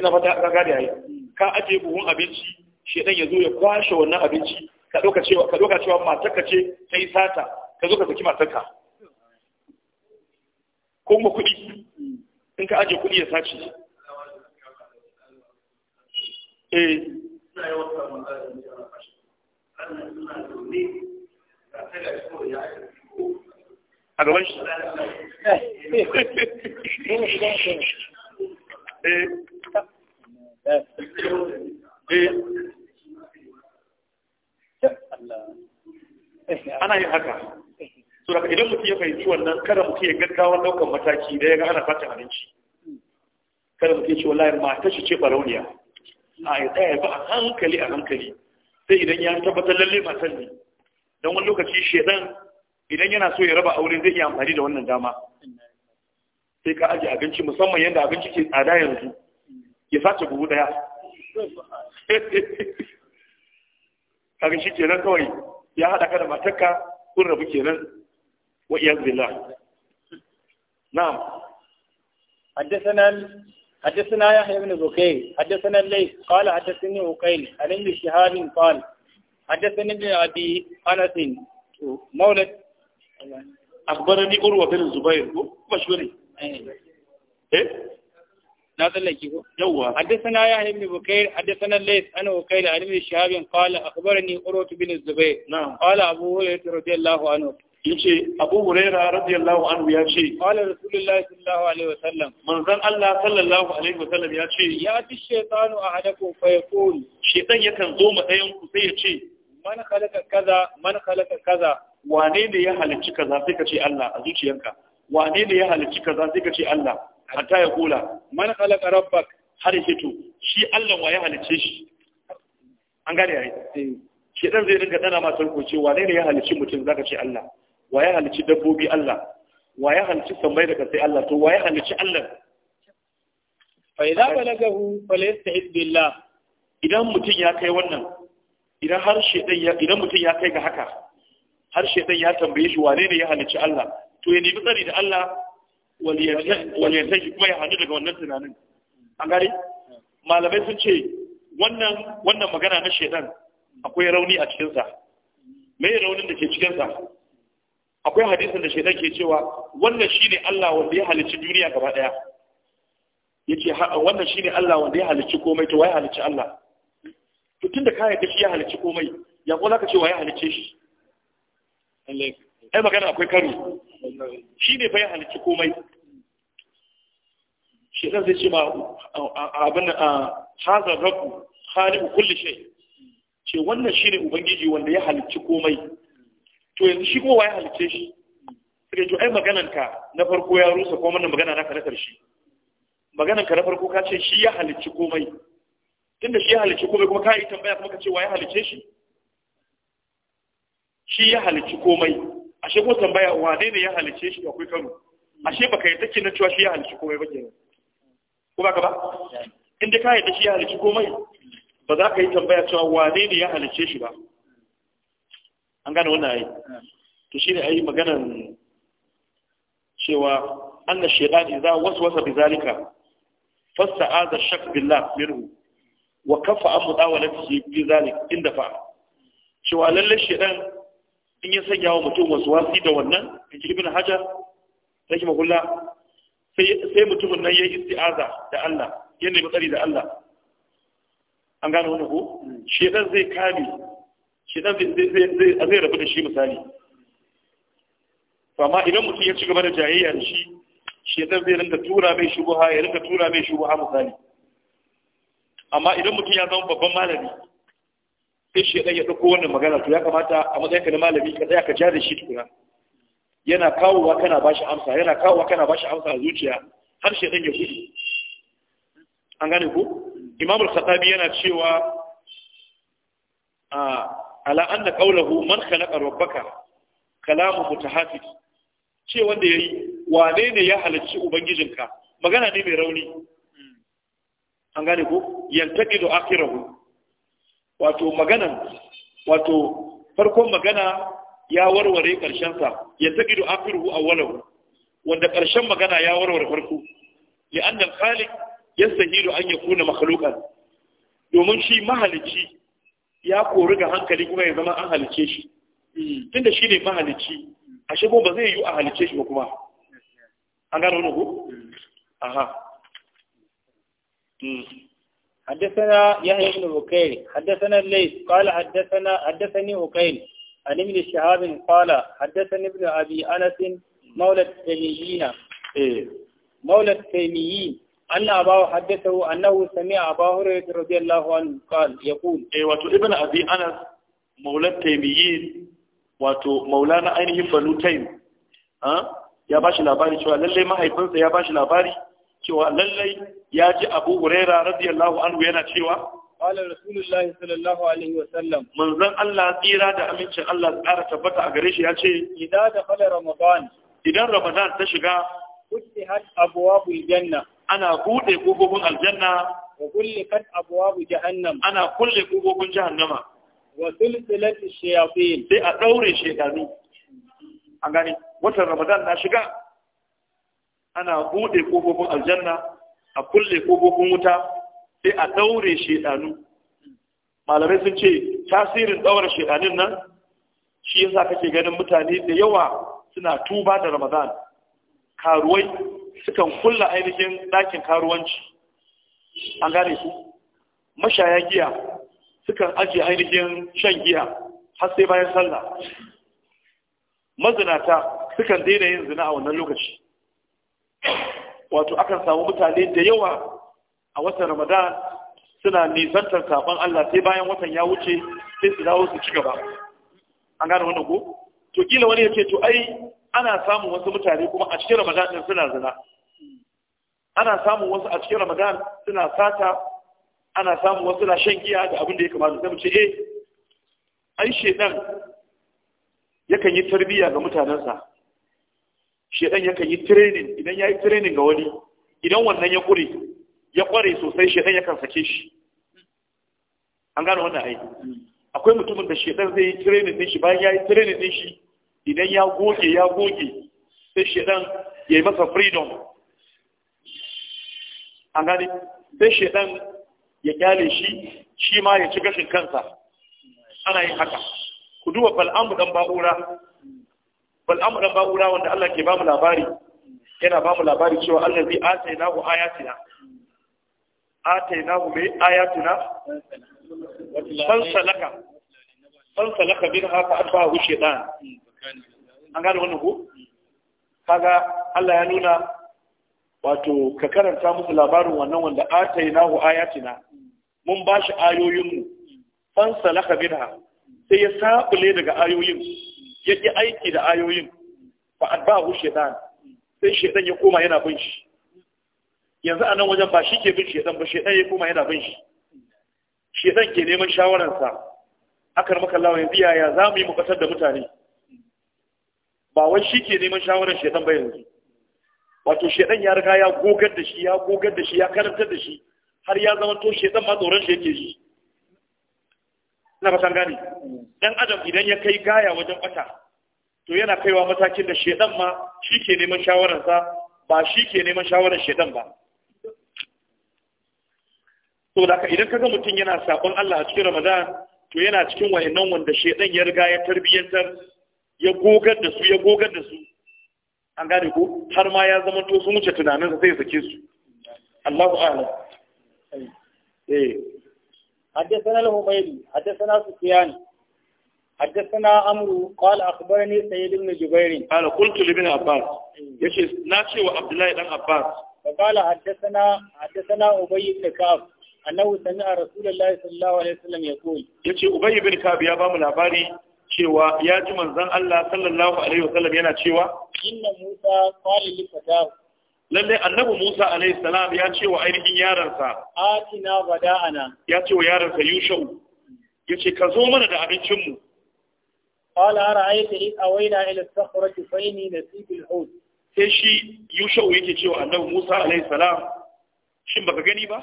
ina fata ka gane yayi ka aje buhun abinci shedan ya zo ya kwashe wannan abinci ka doka cewa ka doka cewa matarka ce ta yi sata ka zo ka saki matarka ko kuma kuɗi in ka aje kuɗi ya sace ana yin haka so daga idan mutum ya fahimci wannan kada mutum ya gaggawa daukan mataki da ya ga ana fatin abinci kada mutum ya ce wallahi matar shi ce barauniya a ya tsaya ba a hankali a hankali sai idan ya tabbatar lalle ba ne don wani lokaci shedan idan yana so ya raba aure zai iya amfani da wannan dama sai ka aje abinci musamman yadda abinci ke tsada yanzu ya sace buhu daya kaga shi kenan kawai ya haɗa ka da matakka kun rabu kenan wa iyaz billah na'am حدثنا حدثنا يحيى بن بكير حدثنا الليث قال حدثني عقيل عن ابن شهاب قال حدثني ابن ابي انس مولد اخبرني عروه بن الزبير مشهوري ايه نازل لك يوا حدثنا يحيى بن بكير حدثنا الليث انا وكيل عن ابن شهاب قال اخبرني عروه بن الزبير نعم قال ابو هريره رضي الله عنه yace Abu Huraira radiyallahu anhu ya ce qala Rasulullahi sallallahu alaihi wasallam manzon Allah sallallahu alaihi wasallam ya ce ya ti shaytanu ahadakum fa yaqul shaytan yakan zo ma dayan ku sai ya ce man khalaqa kaza man khalaqa kaza wane ne ya halicci kaza sai ka ce Allah a zuciyarka wane ne ya halicci kaza sai ka ce Allah hatta ya kula man khalaqa rabbak har ya shi Allah wa ya halicce shi an gane eh. shi dan zai dinga dana ma sarko wane ne ya halicci mutum zaka ce Allah wa ya halici dabbobi Allah wa ya halici sammai da sai Allah to wa ya halici Allah fa idza balagahu falyasta'id billah idan mutum ya kai wannan idan har shedan ya idan mutum ya kai ga haka har shedan ya tambaye shi wane ne ya halici Allah to ya nemi tsari da Allah wal yantaji kuma ya hannu daga wannan tunanin an gari malamai sun ce wannan wannan magana na shedan akwai rauni a cikinsa Me raunin da ke cikinsa akwai hadisin da shaidan ke cewa wannan shine Allah wanda ya halicci duniya gaba daya yace wannan shine Allah wanda ya halicci komai to wai halicci Allah to tunda kai da shi ya halicci komai ya ko zaka ce wai halicce shi ai magana akwai karo shi ne fa ya halicci komai shaidan zai ce ma abin hazar ku, khaliqu kulli shay ce wannan shine ubangiji wanda ya halicci komai to yanzu shi kuma waye halice shi suka to ai magananka na farko ya rusa ko mana magana naka na karshe magananka na farko ka ce shi ya halicci komai tunda shi ya halicci komai kuma ka yi tambaya kuma ka ce waye halice shi shi ya halicci komai ashe ko tambaya wane ne ya halice shi akwai karo ashe baka yadda kenan cewa shi ya halicci komai ba kenan ko ba ka ba in dai ka yadda shi ya halicci komai ba za ka yi tambaya cewa wane ne ya halice shi ba an gane wannan ai to shine ai maganan cewa anna shaytan idza waswasa bi zalika fasta'aza shak billah minhu wa kafa an mudawalatihi bi zalik inda fa cewa lalle shaytan in ya sanya wa mutum wasu wasi da wannan in ji ibn hajar rahimahullah sai mutumin nan ya yi isti'aza da Allah ya nemi tsari da Allah an gane wannan ko hmm. shaytan zai kame shi dan zai rabu da shi misali amma idan mutum ya ci gaba da jayayya da shi shi dan zai rinka tura mai shubuha ya rinka tura mai shubuha misali amma idan mutum ya zama babban malami sai shi dan ya dauko wannan magana to ya kamata a matsayin ka na malami ka tsaya ka ja da shi tukuna yana kawowa kana bashi amsa yana kawowa kana bashi amsa a zuciya har shi dan ya gudu an gane ku? Imamul khatabi yana cewa a ah, ala anna qawluhu man khalaqa rabbaka kalamu mutahaffif ce wanda yayi wane ne ya halarci ubangijinka magana ne mai rauni an gane ko yantaqidu akhirahu wato magana wato farkon magana ya warware karshen sa yantaqidu akhiruhu awwalahu wanda karshen magana ya warware farko li anna al-khaliq yastahilu an yakuna makhluqan domin shi mahalici ya kori ga hankali kuma ya zama an halice shi Tunda shi ne mahalici a shigo ba zai yi a halice shi ba kuma an gano nuhu? aha Haddasa na ya haddasa hukaini haddasanar kwala, haddasa ni hukaini a nimini shahabin kwallo haddasani abi anasin maulat taimiyi na maulat taimiyi أن أباه حدثه أنه سمع أبا هريرة رضي الله عنه قال يقول أي واتو ابن أبي أنس مولى التيميين واتو مولانا أينه بنو تيم ها يا باشي لاباري شو للي ما هيفنس يا باشي لاباري شو للي ياجي أبو هريرة رضي الله عنه ينا شو قال رسول الله صلى الله عليه وسلم من ذن الله تيرا دا أمين شن الله تعالى تبتع قريش ياجي إذا دخل رمضان إذا رمضان تشغى فتحت أبواب الجنة ana buɗe ƙofofin aljanna wa kat abwabu jahannam ana kulle kofofin jahannama wa silsilat shayatin sai a daure shedanu an watan ramadan na shiga ana buɗe ƙofofin aljanna a kulle kofofin wuta sai a daure shedanu malamai sun ce tasirin daura shaytanin nan shi yasa kake ganin mutane da yawa suna tuba da ramadan karuwai sukan kulla ainihin ɗakin karuwanci an gane su mashaya giya sukan ajiye ainihin shan giya har sai bayan sallah mazinata sukan daina yin zina a wannan lokaci wato akan samu mutane da yawa a watan ramadan suna nisantar saban Allah sai bayan watan ya wuce sai su dawo su ci gaba an gane wannan ko to kila wani ya ce to ai ana samun wasu mutane kuma a cikin ramadan din suna zina ana samun wasu a cikin ramadan suna sata ana samun wasu na shan giya da abin da ya kamata sai mu ce eh ai shedan yakan yi tarbiyya ga mutanensa shedan yakan yi training idan yayi training ga wani idan wannan ya kure ya kware sosai shedan yakan sake shi an gane wannan aiki akwai mutumin da shedan zai yi training din shi bayan yayi training din shi idan ya goge ya goge sai shedan ya yi masa freedom an gani sai shedan ya kyale shi shi ma ya ci gashin kansa ana yin haka ku duba bal'amu dan ba'ura bal'amu dan ba'ura wanda Allah ke bamu labari yana bamu labari cewa Allah zai na ku ayatina ku mai ayatina fansalaka laka bin haka hu shaytan an gane wannan ko kaga Allah ya nuna wato ka karanta musu labarin wannan wanda atainahu ayatina mun bashi ayoyinmu fan salaka minha sai ya sabule daga ayoyin ya ki aiki da ayoyin fa adbahu shaytan sai shaytan ya koma yana bin shi yanzu a nan wajen ba shi ke bin shaytan ba shaytan ya koma yana bin shi shaytan ke neman shawararsa akar maka lawa yanzu yaya za mu yi mu da mutane ba wai shi ke neman shawarar shaitan bai yanzu wato shaitan ya riga ya gogar da shi ya gogar da shi ya karantar da shi har ya zama to shaitan ma tsoron shi yake shi ina fatan gane dan adam idan ya kai gaya wajen bata to yana kaiwa matakin da shaitan ma shi ke neman shawararsa ba shi ke neman shawarar shaitan ba to da idan kaga mutum yana sabon Allah a cikin Ramadan to yana cikin wayannan wanda shaitan ya riga ya tarbiyantar ya gogar da su ya gogar da su an gane ko har ma ya zama to sun wuce tunaninsa sai sake su Allahu a'lam eh حدثنا الهميري حدثنا سفيان حدثنا عمرو قال اخبرني سيد بن جبير قال قلت لابن عباس يشي ناشي وعبد الله بن عباس فقال حدثنا حدثنا ابي بن كعب انه سمع رسول الله صلى الله عليه وسلم يقول يشي ابي بن كعب يا بام labari. cewa ya ji manzan Allah sallallahu alaihi wasallam yana cewa inna Musa qala li fatahu lalle annabi Musa alaihi salam ya ce wa ainihin yaransa atina bada'ana ya ce wa yaransa yushau ce ka zo mana da abincin mu qala ara'aita in awayna ila as-sakhrati fa inni nasib al-hud sai shi yushau yake cewa annabi Musa alaihi salam shin baka gani ba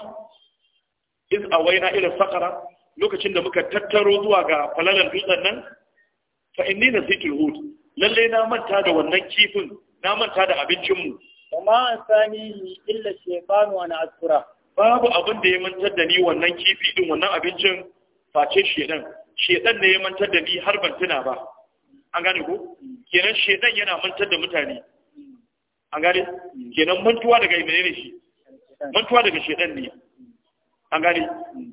iz awayna ila as-sakhra lokacin da muka tattaro zuwa ga falalan dutsen nan fa inni nasitul hut lalle na manta da wannan kifin na manta da abincin mu amma sani illa shaytan wa na azkura babu abin da ya mantar da ni wannan kifi din wannan abincin face shedan shedan ne ya mantar da ni har ban tuna ba an gane ko kenan shedan yana mantar da mutane an gane kenan mantuwa daga menene shi mantuwa daga shedan ne an gane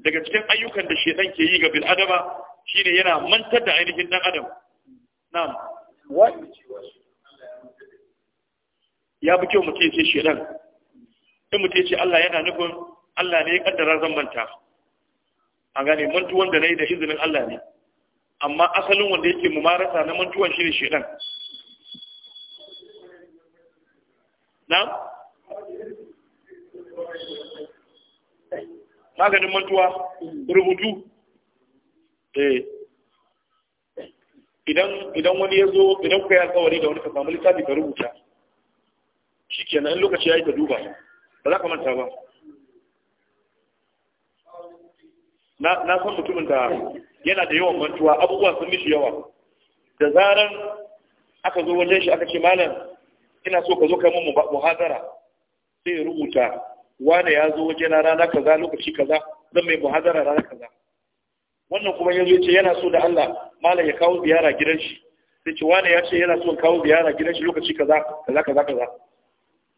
daga cikin ayyukan da shedan ke yi ga bil adama shine yana mantar da ainihin dan adam na'am ya fi kyau mutum ce ɗan, in mutum ce Allah yana nufin Allah ne ya ƙaddara zan manta a gane mantuwan da na yi da izinin Allah ne amma asalin wanda yake marasa na mantuwan shi ne ɗan. na? maganin mantuwa rubutu eh idan idan wani ya zo idan ku ya tsawari da wani ka samu littafi ka rubuta shi shikenan in lokaci ya yi ka duba ba za ka manta ba na na san mutumin da yana da yawan mantuwa abubuwa sun mishi yawa da zaran aka zo wajen shi aka ce malam ina so ka zo kai mun muhadara sai ya rubuta wane ya zo wajena rana kaza lokaci kaza zan mai muhadara rana kaza wannan kuma yanzu ce yana so da Allah malam ya kawo ziyara gidan shi sai ce wani ya ce yana so kawo ziyara gidan shi lokaci kaza kaza kaza kaza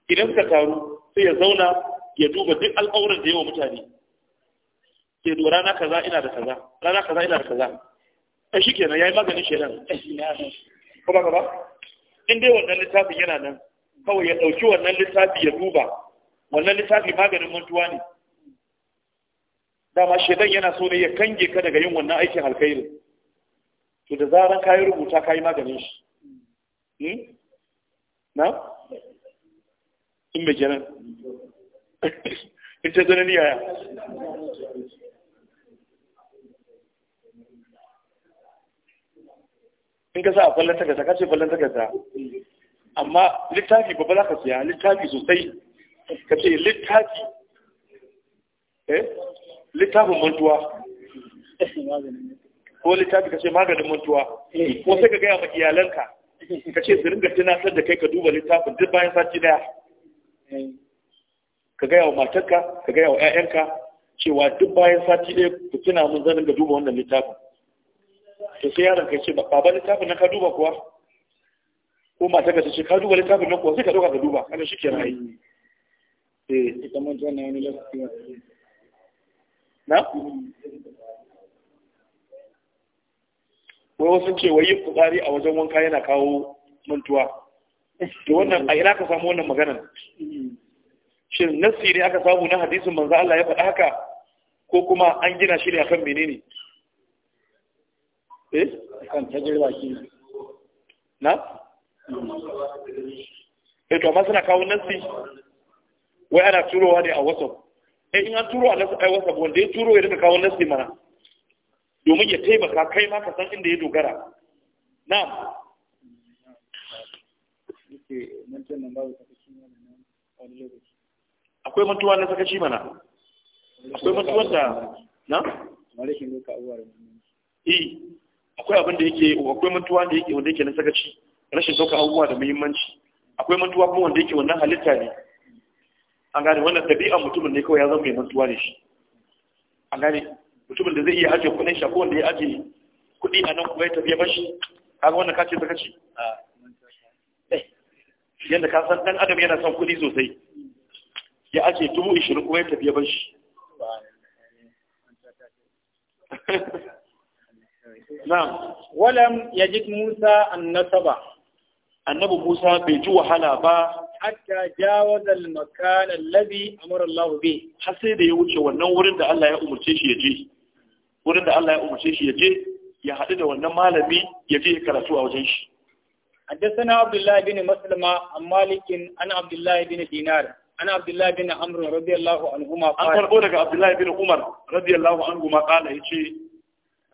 idan suka taru sai ya zauna ya duba duk al'aurar da yawa mutane ke do rana kaza ina da kaza rana kaza ina da kaza ai shikenan yayi maganin nan ko ba ba in dai wannan littafin yana nan kawai ya dauki wannan littafi ya duba wannan littafi maganin mantuwa ne dama shedan yana so ne ya kange ka daga yin wannan aikin alkhairi to da zaran kayi rubuta kayi maganin shi hmm? na in bai jiran in ta zana ni yaya in ka sa a kwallon takarda ka ce kwallon takarda amma littafi babba za ka siya littafi sosai ka ce littafi eh littafin mantuwa ko littafi ka ce maganin mantuwa ko sai ka gaya ma iyalanka ka ce su ringa tunatar da kai ka duba littafin duk bayan sati daya ka gaya wa matarka ka gaya wa 'ya'yanka cewa duk bayan sati ɗaya ku tuna mun zan ringa duba wannan littafin to sai yaron ka ce baba littafin na ka duba kuwa ko matarka ta ce ka duba littafin na kuwa sai ka ɗauka ka duba kana shi ke rayu. Eh, ita mun tana wani na? wai wasu ce wai yi fitsari a wajen wanka yana kawo mantuwa da wannan a ina ka samu wannan maganan shin nassi ne aka samu na hadisin manzo Allah ya faɗa haka ko kuma an gina shi ne akan menene eh kan tajriba shi na eh to amma suna kawo nassi wai ana turowa ne a WhatsApp E, in an turo a nasu ba wanda ya turo ya daga kawo nasi mana domin ya taimaka kai ma ka san inda ya dogara na. akwai mantuwa na sakaci mana akwai mantuwa da na? eh akwai abin da yake akwai mantuwa da yake wanda yake na sakaci rashin sauka abubuwa da muhimmanci akwai mantuwa kuma wanda yake wannan halitta ne an gane wannan ɗabi'an mutumin ne kawai ya zama mai mantuwa ne shi an gane mutumin da zai iya ajiye kuɗin shi ko wanda ya ajiye kuɗi a nan kuma ya tafiya bashi kaga wannan kace eh. ta kace yadda ka san ɗan adam yana son kuɗi sosai ya ajiye dubu ishirin kuma ya tafiya bashi na'am walam yajid musa an nasaba annabi Musa bai ji wahala ba hatta jawaza al-makan alladhi amara Allah bi har sai da ya wuce wannan wurin da Allah ya umurce shi ya je wurin da Allah ya umurce shi ya je ya haɗu da wannan malami ya je karatu a wajen shi حدثنا عبد الله بن مسلمة عن مالك عن عبد الله بن دينار عن عبد الله بن عمرو رضي الله عنهما قال عبد الله بن عمر رضي الله عنهما قال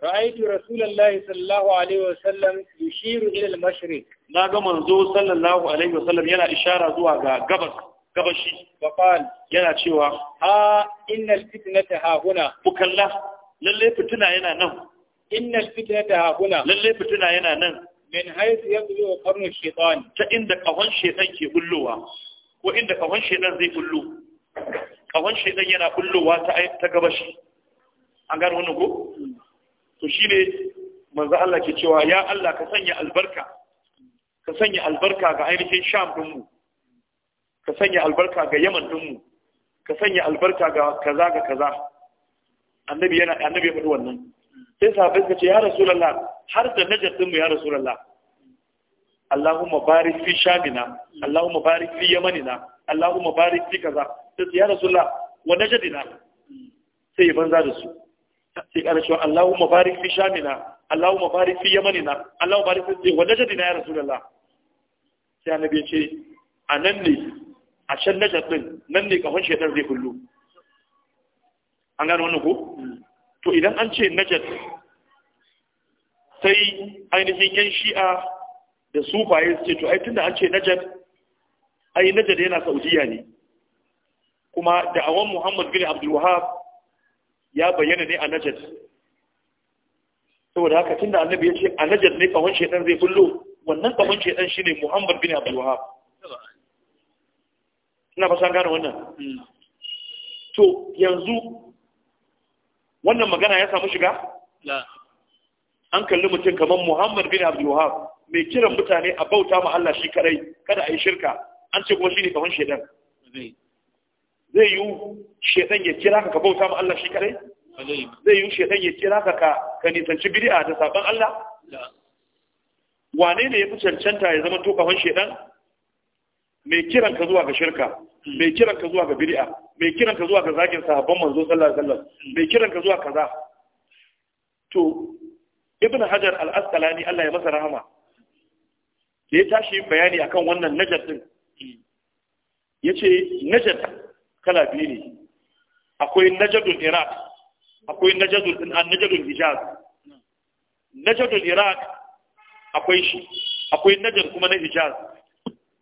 رأيت رسول الله صلى الله عليه وسلم يشير إلى المشرق na ga manzo sallallahu alaihi wasallam yana ishara zuwa ga gabas gabashi faqal yana cewa ha innal fitnata ha huna bukalla lalle fitina yana nan innal fitnata ha huna lalle fitina yana nan min haythu yabdu qarnu shaytan ta inda kahon shaytan ke bullowa ko inda kahon shaytan zai bullo kahon shaytan yana bullowa ta ta gabashi an gano wannan ko hmm. to shine manzo Allah ke cewa ya Allah ka sanya albarka ka sanya albarka ga ainihin sham dinmu ka sanya albarka ga yaman dinmu ka sanya albarka ga kaza ga kaza annabi yana annabi ya faɗi wannan sai sahabbai suka ce ya rasulullah har da najar dinmu ya rasulullah Allahumma barik fi shamina Allahumma barik fi yamanina Allahumma barik fi kaza sai ya rasulullah wa najadina sai ya banza da su sai kana cewa Allahumma barik fi shamina Allahumma barik fi yamanina Allahumma barik fi wa najadina ya rasulullah sai annabi ya ce a nan ne a can najar din nan ne kafin shaitan zai kullu an gano wani ko hmm. to idan an ce najar sai ainihin yan shi'a da sufaye su ce to ai tunda an ce najar ai najar yana saudiya ne kuma da awon muhammad bin abdul wahab ya bayyana ne a najar saboda haka tunda annabi ya ce a najar ne kawon shaitan zai kullu? wannan ɗan shi shine Muhammad bin Abdul ina ba san gane wannan to yanzu wannan magana ya samu shiga an kalli mutum kamar Muhammad bin Abdul Wahhab mai kiran mutane a bauta ma Allah shi kadai kada a yi shirka an ce kuma shi ne kamar shaidan zai yiwu shedan ya kira ka bauta ma Allah shi kadai zai yiwu shedan ya kira ka ka nisanci bid'a da sabon Allah wane ne ya fi cancanta ya zama to kafan shedan mai kiran ka zuwa ga shirka mai kiran ka zuwa ga bid'a mai kiran ka zuwa ga zakin sahabban manzo sallallahu alaihi wasallam mai kiran ka zuwa kaza to ibn hajar al-asqalani Allah ya masa rahama da ya tashi bayani akan wannan najar din yace najar kala biyu ne akwai najadul iraq akwai najadul an najadul hijaz najadul iraq akwai shi akwai najar kuma na hijaz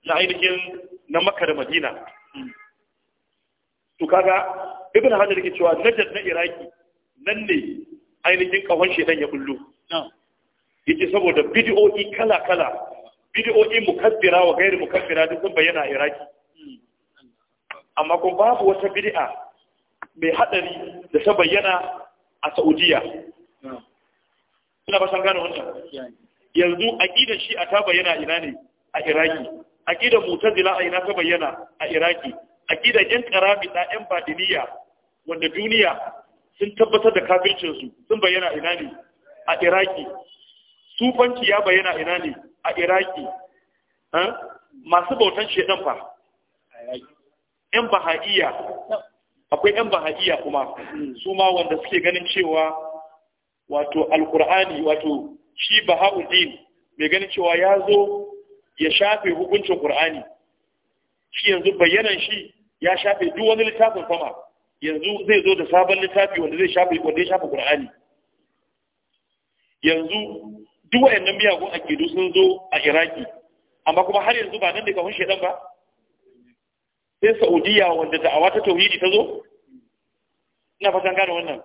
na ainihin na makka da madina to kaga ibn hajar ke cewa najar na iraki nan ne ainihin kawon dan ya bullo yake saboda bidiyo'i kala-kala bidiyo'i mukaddira wa gairi mukaddira duk sun bayyana a iraki amma kuma babu wata bidi'a mai hadari da ta bayyana a saudiya ina ba san gane wannan yanzu aqidar shi ta bayyana ina ne a iraki aqidar mutazila a ina ta bayyana a iraki aqidar yan da yan badiniya wanda duniya sun tabbatar da kafircin su sun bayyana ina ne a iraki sufanci ya bayyana ina ne a iraki masu bautan shedan fa yan bahaiya akwai yan bahaiya kuma su ma wanda suke ganin cewa wato alkur'ani wato shi baha'uddin mai ganin cewa ya zo ya shafe hukuncin qur'ani shi yanzu bayanan shi ya shafe duk wani littafin sama yanzu zai zo da sabon littafi wanda zai shafe wanda ya shafe qur'ani yanzu duk wayannan miyagun akidu sun zo a iraki amma kuma har yanzu ba nan da kafin shedan ba sai saudiya wanda da'awa ta tauhidi ta zo ina fatan gane wannan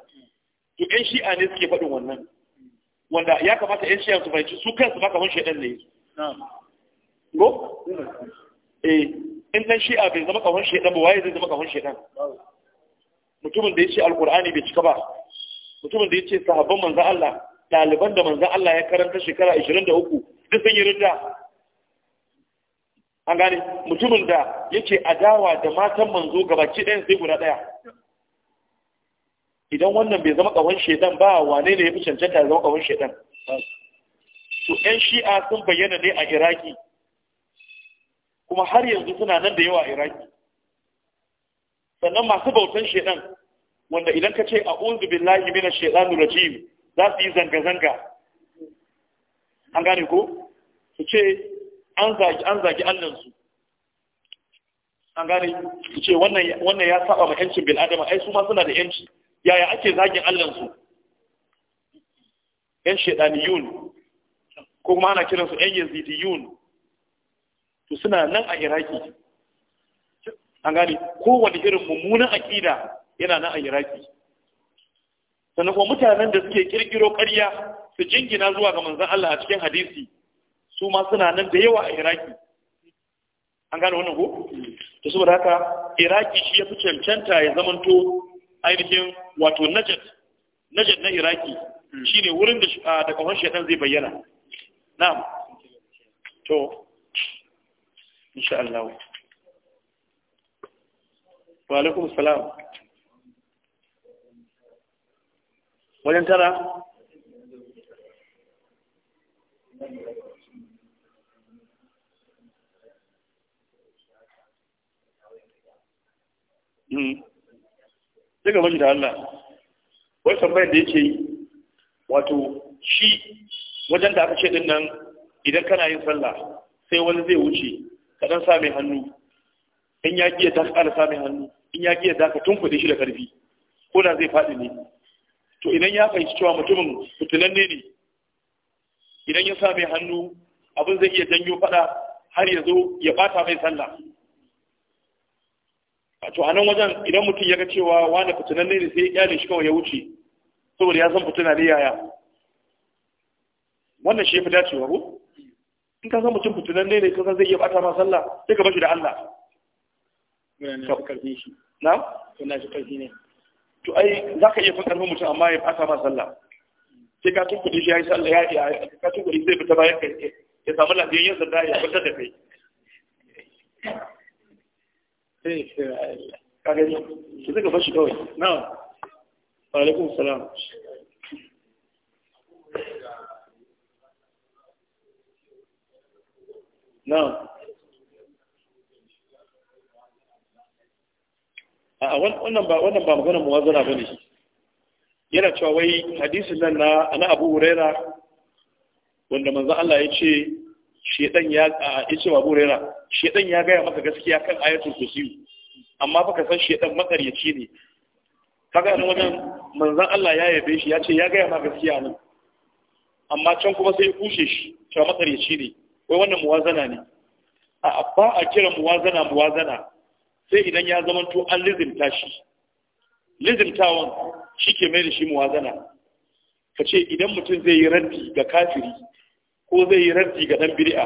to ƴan shi'a ne suke faɗin wannan wanda ya kamata yan shiyar su fahimci su kansu maka kamar shaidan ne ko eh in dan shi'a bai zama kawon shaidan ba waye zai zama kawon shaidan mutumin da ya ce Alƙur'ani bai cika ba mutumin da ya ce sahabban manzan Allah ɗaliban da manzan Allah ya karanta shekara 23 duk sun yi rinda an gane mutumin da ya ce adawa da matan manzo gabaki ɗayan sai guda ɗaya idan wannan bai zama kawon shedan ba wane ne ya fi cancanta ya zama kawon shedan to yan shi'a sun bayyana ne a iraki kuma har yanzu suna nan da yawa a iraki sannan masu bautan shedan wanda idan ka ce a uzu billahi mina shedanu rajim za su yi zanga-zanga an gane ko su ce an zagi an zagi allansu an gane su ce wannan ya saba ma yancin bil'adama ai su ma suna da yanci yaya ake zagin allansu yan yun ko kuma ana kiransu yan yun to suna nan a iraki an gane kowane irin mummunan aƙida yana nan a iraki sannan kuma mutanen da suke kirkiro ƙarya su jingina zuwa ga manzon Allah a cikin hadisi su ma suna nan da yawa a iraki an gane wannan ko to saboda haka iraki shi ya fi cancanta ya zamanto ainihin wato najat najat na iraki hmm. shi ne wurin da da kafan shaitan zai bayyana na'am to insha Allah wa alaikum salam wajen tara Mm-hmm. sai ga da Allah wai tambayar da yake wato shi wajen da aka ce din nan idan kana yin sallah sai wani zai wuce ka dan sa mai hannu in ya kiyata ka ƙara sa mai hannu in ya kiyata ka tunkuɗe shi da ƙarfi ko da zai faɗi ne to idan ya fahimci cewa mutumin fitilanne ne idan ya sa mai hannu abin zai iya janyo faɗa har ya zo ya bata mai sallah a nan wajen idan mutum ya ga cewa wani fitinan ne sai ya kyale shi kawai ya wuce saboda ya san fitina ne yaya wannan shi ya fi dacewa ko in ka san mutum fitinan ne ka san zai iya bata ma sallah sai ka bashi da Allah na karfi shi na na shi karfi ne to ai za ka iya fin karfin mutum amma ya bata ma sallah sai ka tunkuɗe shi ya yi sallah ya yi ka tunkuɗe zai fita bayan ka ya samu lafiyayyen sanda ya fitar da kai Eh, wannan ba magana ba maganar ba ne yana cewa wai hadisin nan na na abu huraira wanda manzan Allah ya ce shedan ya ce wa burera shedan ya gaya maka gaskiya kan ayatul kursi amma baka san shedan matsaryaci ne kaga nan wajen manzon Allah ya yabe shi ya ce ya gaya maka gaskiya nan amma can kuma sai ya kushe shi cewa matsaryaci ne wai wannan muwazana ne a ba a kira muwazana muwazana sai idan ya zama to an lizimta shi lizimtawan shi ke mai da shi muwazana ka ce idan mutum zai yi raddi ga kafiri ko zai yi raddi ga dan bid'a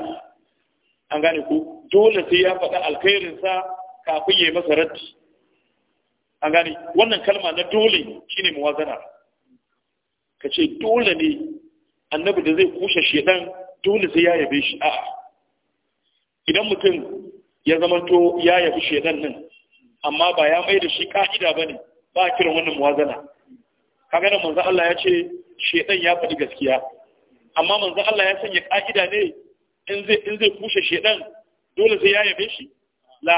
an gane ku dole sai ya faɗa alkhairin sa kafin yayi masa raddi an gane wannan kalma na dole shine muwazana kace dole ne annabi da zai kushe shedan dole sai ya yabe shi a'a idan mutum ya zamanto ya yabi shedan nan, amma ba ya mai da shi ka'ida bane ba kiran wannan muwazana kaga nan manzo Allah ya ce shedan ya faɗi gaskiya amma manzo Allah ya sanya ka'ida ne in zai in zai kushe shedan dole sai ya yabe shi la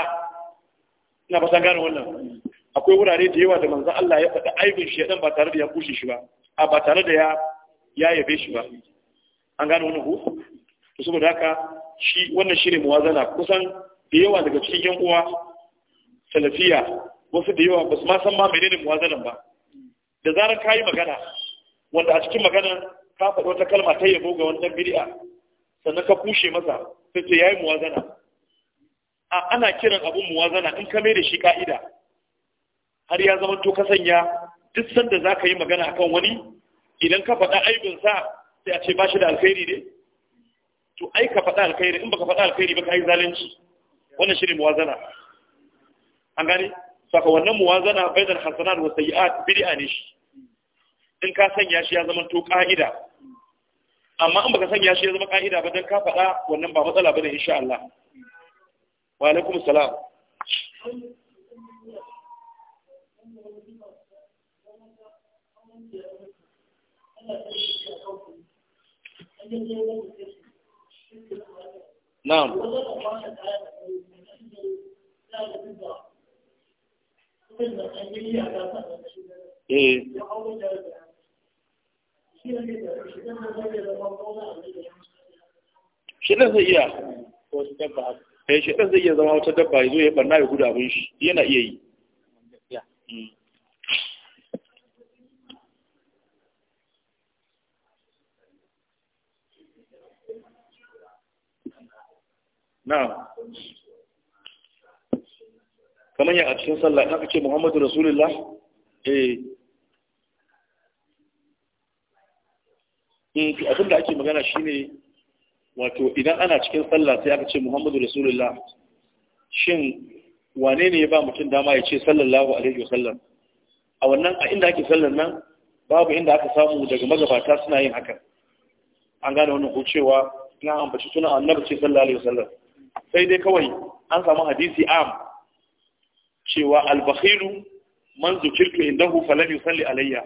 ina ba san gane wannan akwai wurare da yawa da manzo Allah ya faɗi aibin shedan ba tare da ya kushe shi ba a ba tare da ya ya yabe shi ba an gane wannan ko? to saboda haka shi wannan shine muwazana kusan da yawa daga cikin yan uwa salafiya wasu da yawa ba su ma san ma menene muwazanan ba da zarar kayi magana wanda a cikin magana ka faɗi wata kalma ta yabo ga wannan ɗan bid'a sannan ka kushe masa sai ce yayi muwazana a ana kiran abun muwazana in ka mai da shi ka'ida har ya zama to ka sanya duk sanda za ka yi magana akan wani idan ka faɗa aibin sa sai a ce ba shi da alkhairi ne to ai ka faɗa alkhairi in baka faɗa alkhairi ba ka yi zalunci wannan shi ne muwazana an gane saka wannan muwazana bainal hasanat wa sayyi'at bid'a ne shi in ka sanya shi ya zama to ka'ida amma in baka sanya shi ya zama ka'ida ba don ka faɗa wannan ba matsala ba da insha Allah wa alaikum salam Na'am. Eh. shidan zai iya eh shidan zai iya zama wata dabba ya zo ya barna ya guda abin shi yana iya yi na kamar ya a cikin sallah aka ce muhammadu rasulullah eh eh to abin da ake magana shine wato idan ana cikin sallah sai aka ce Muhammadu Rasulullah shin wane ne ya ba mutum dama ya ce sallallahu alaihi wasallam a wannan a inda ake sallar nan babu inda aka samu daga magabata suna yin haka an gane wannan hucewa na ambaci suna annabi ce sallallahu alaihi wasallam sai dai kawai an samu hadisi am cewa al-bakhilu man zukirtu indahu falam yusalli alayya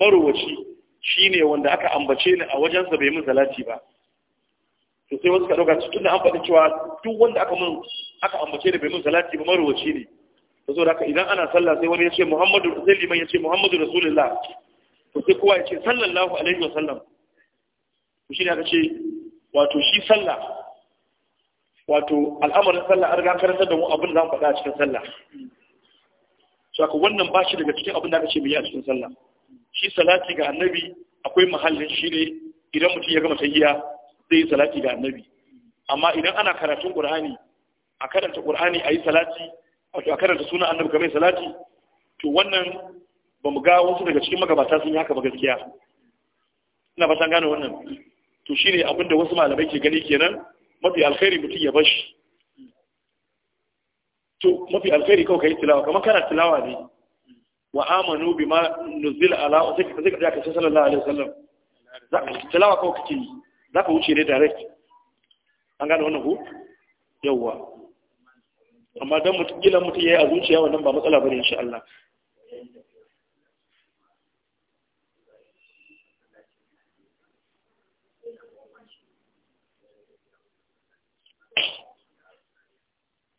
marowaci Shi ne wanda aka ambace ni a wajensa bai min salati ba to sai wasu ka dauka cikin da an faɗi cewa duk wanda aka min aka ambace ni bai min salati ba marwaci ne to so haka idan ana sallah sai wani ya ce Muhammadu sai liman ya ce Muhammadu Rasulullah to sai kowa ya ce sallallahu alaihi wa sallam to ne aka ce wato shi sallah wato al'amarin sallah an riga karantar da mu abin da mu faɗa a cikin sallah saka wannan ba shi daga cikin abin da aka ce mu yi a cikin sallah shi salati ga annabi akwai mahallin shi ne idan mutum ya gama tahiyya zai yi salati ga annabi amma idan ana karatun qur'ani a karanta qur'ani ayi salati wato a karanta sunan annabi kamar salati to wannan ba mu ga wasu daga cikin magabata sun yi haka ba gaskiya ina fatan gane wannan to shine abin da wasu malamai ke gani kenan mafi alkhairi mutum ya bashi to mafi alkhairi kawai yi tilawa kamar kana tilawa ne wa amanu bima nuzila ala sai ka ga sallallahu alaihi wasallam tilawa ko wuce ne direct an gane wannan ku yawa amma dan mutum kila mutum yayi a zuciya wannan ba matsala bane insha Allah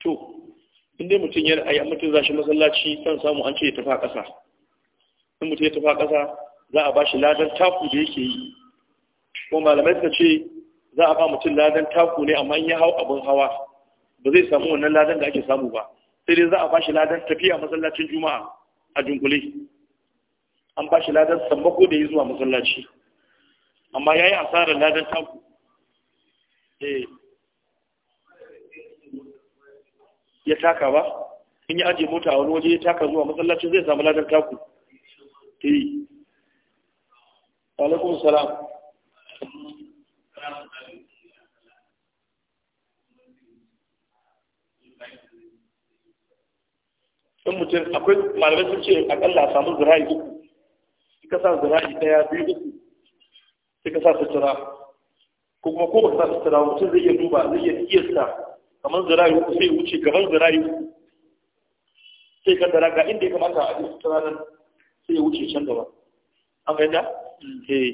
to inda mutum yana ayi mutum za shi masallaci kan samu an ce ya tafi a ƙasa in mutum ya tafi a ƙasa za a ba shi ladan taku da yake yi ko malamai suka ce za a ba mutum ladan taku ne amma in ya hau abin hawa ba zai samu wannan ladan da ake samu ba sai dai za a ba shi ladan tafiya masallacin juma'a a dunkule an ba shi ladan sammako da ya zuwa masallaci amma ya yi asarar ladan taku eh. ya taka ba in yi ajiye mota a wani waje ya taka zuwa matsalacin zai samu ladar taku yi eh. alaikun salam in mutum akwai malamai sun ce akalla a samu zira'i uku su ka sa zira'i daya biyu uku su ka sa sutura ko kuma ko ba ka sa sutura mutum zai iya duba zai iya iya sa kamar zirayi uku sai wuce kamar zirayi uku sai ka dara ga inda ya kamata a ajiye tsananin nan sai ya wuce can gaba an fahimta? Mm. eh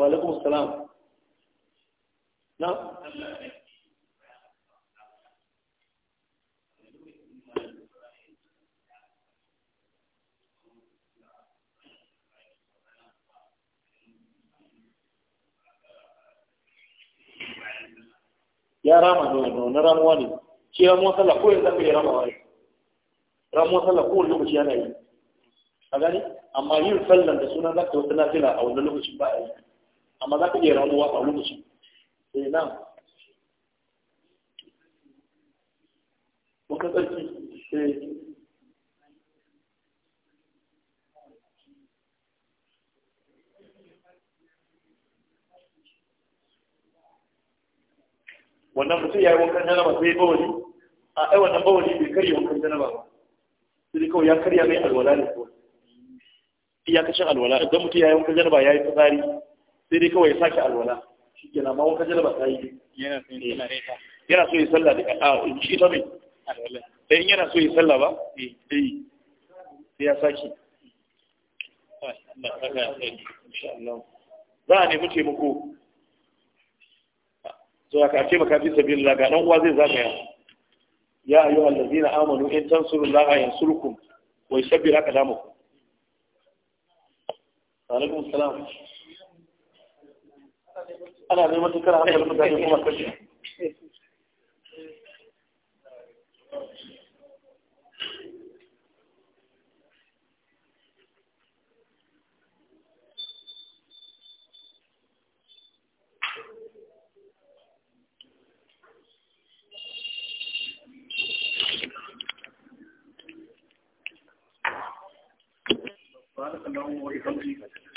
wa alaikum salam na ya rama nono na ramuwa ne ce ya sallah ko yanzu aka yi ramawa ne ramuwa sallah ko wani lokaci yana yi a gani amma yin sallan da suna zaka wata nafila a wani lokaci ba a yi amma za yi ramuwa a lokaci sai eh, na wata tsarki sai eh. wannan mutum ya yi wankan janaba sai bawali a ai wannan bawali bai karya wankan janaba ba sai kawai ya karya mai alwala ne kawai iyakacin alwala idan mutum ya yi wankan janaba ya yi tsari sai dai kawai ya sake alwala shi ke na ma wankan janaba ta yi yana so ya sallah da a shi ta mai eh, in yana so ya sallah ba eh. Eh. sai ya sake za a nemi taimako so ya kace maka fi sabilillah ga dan uwa zai zagaya ya ayu allazina amanu in tansurullaha yansurkum wa yusabbir aqdamakum alaikum salam ana neman tukar hankalin mutane kuma kashi سبحانك اللهم وبحمدك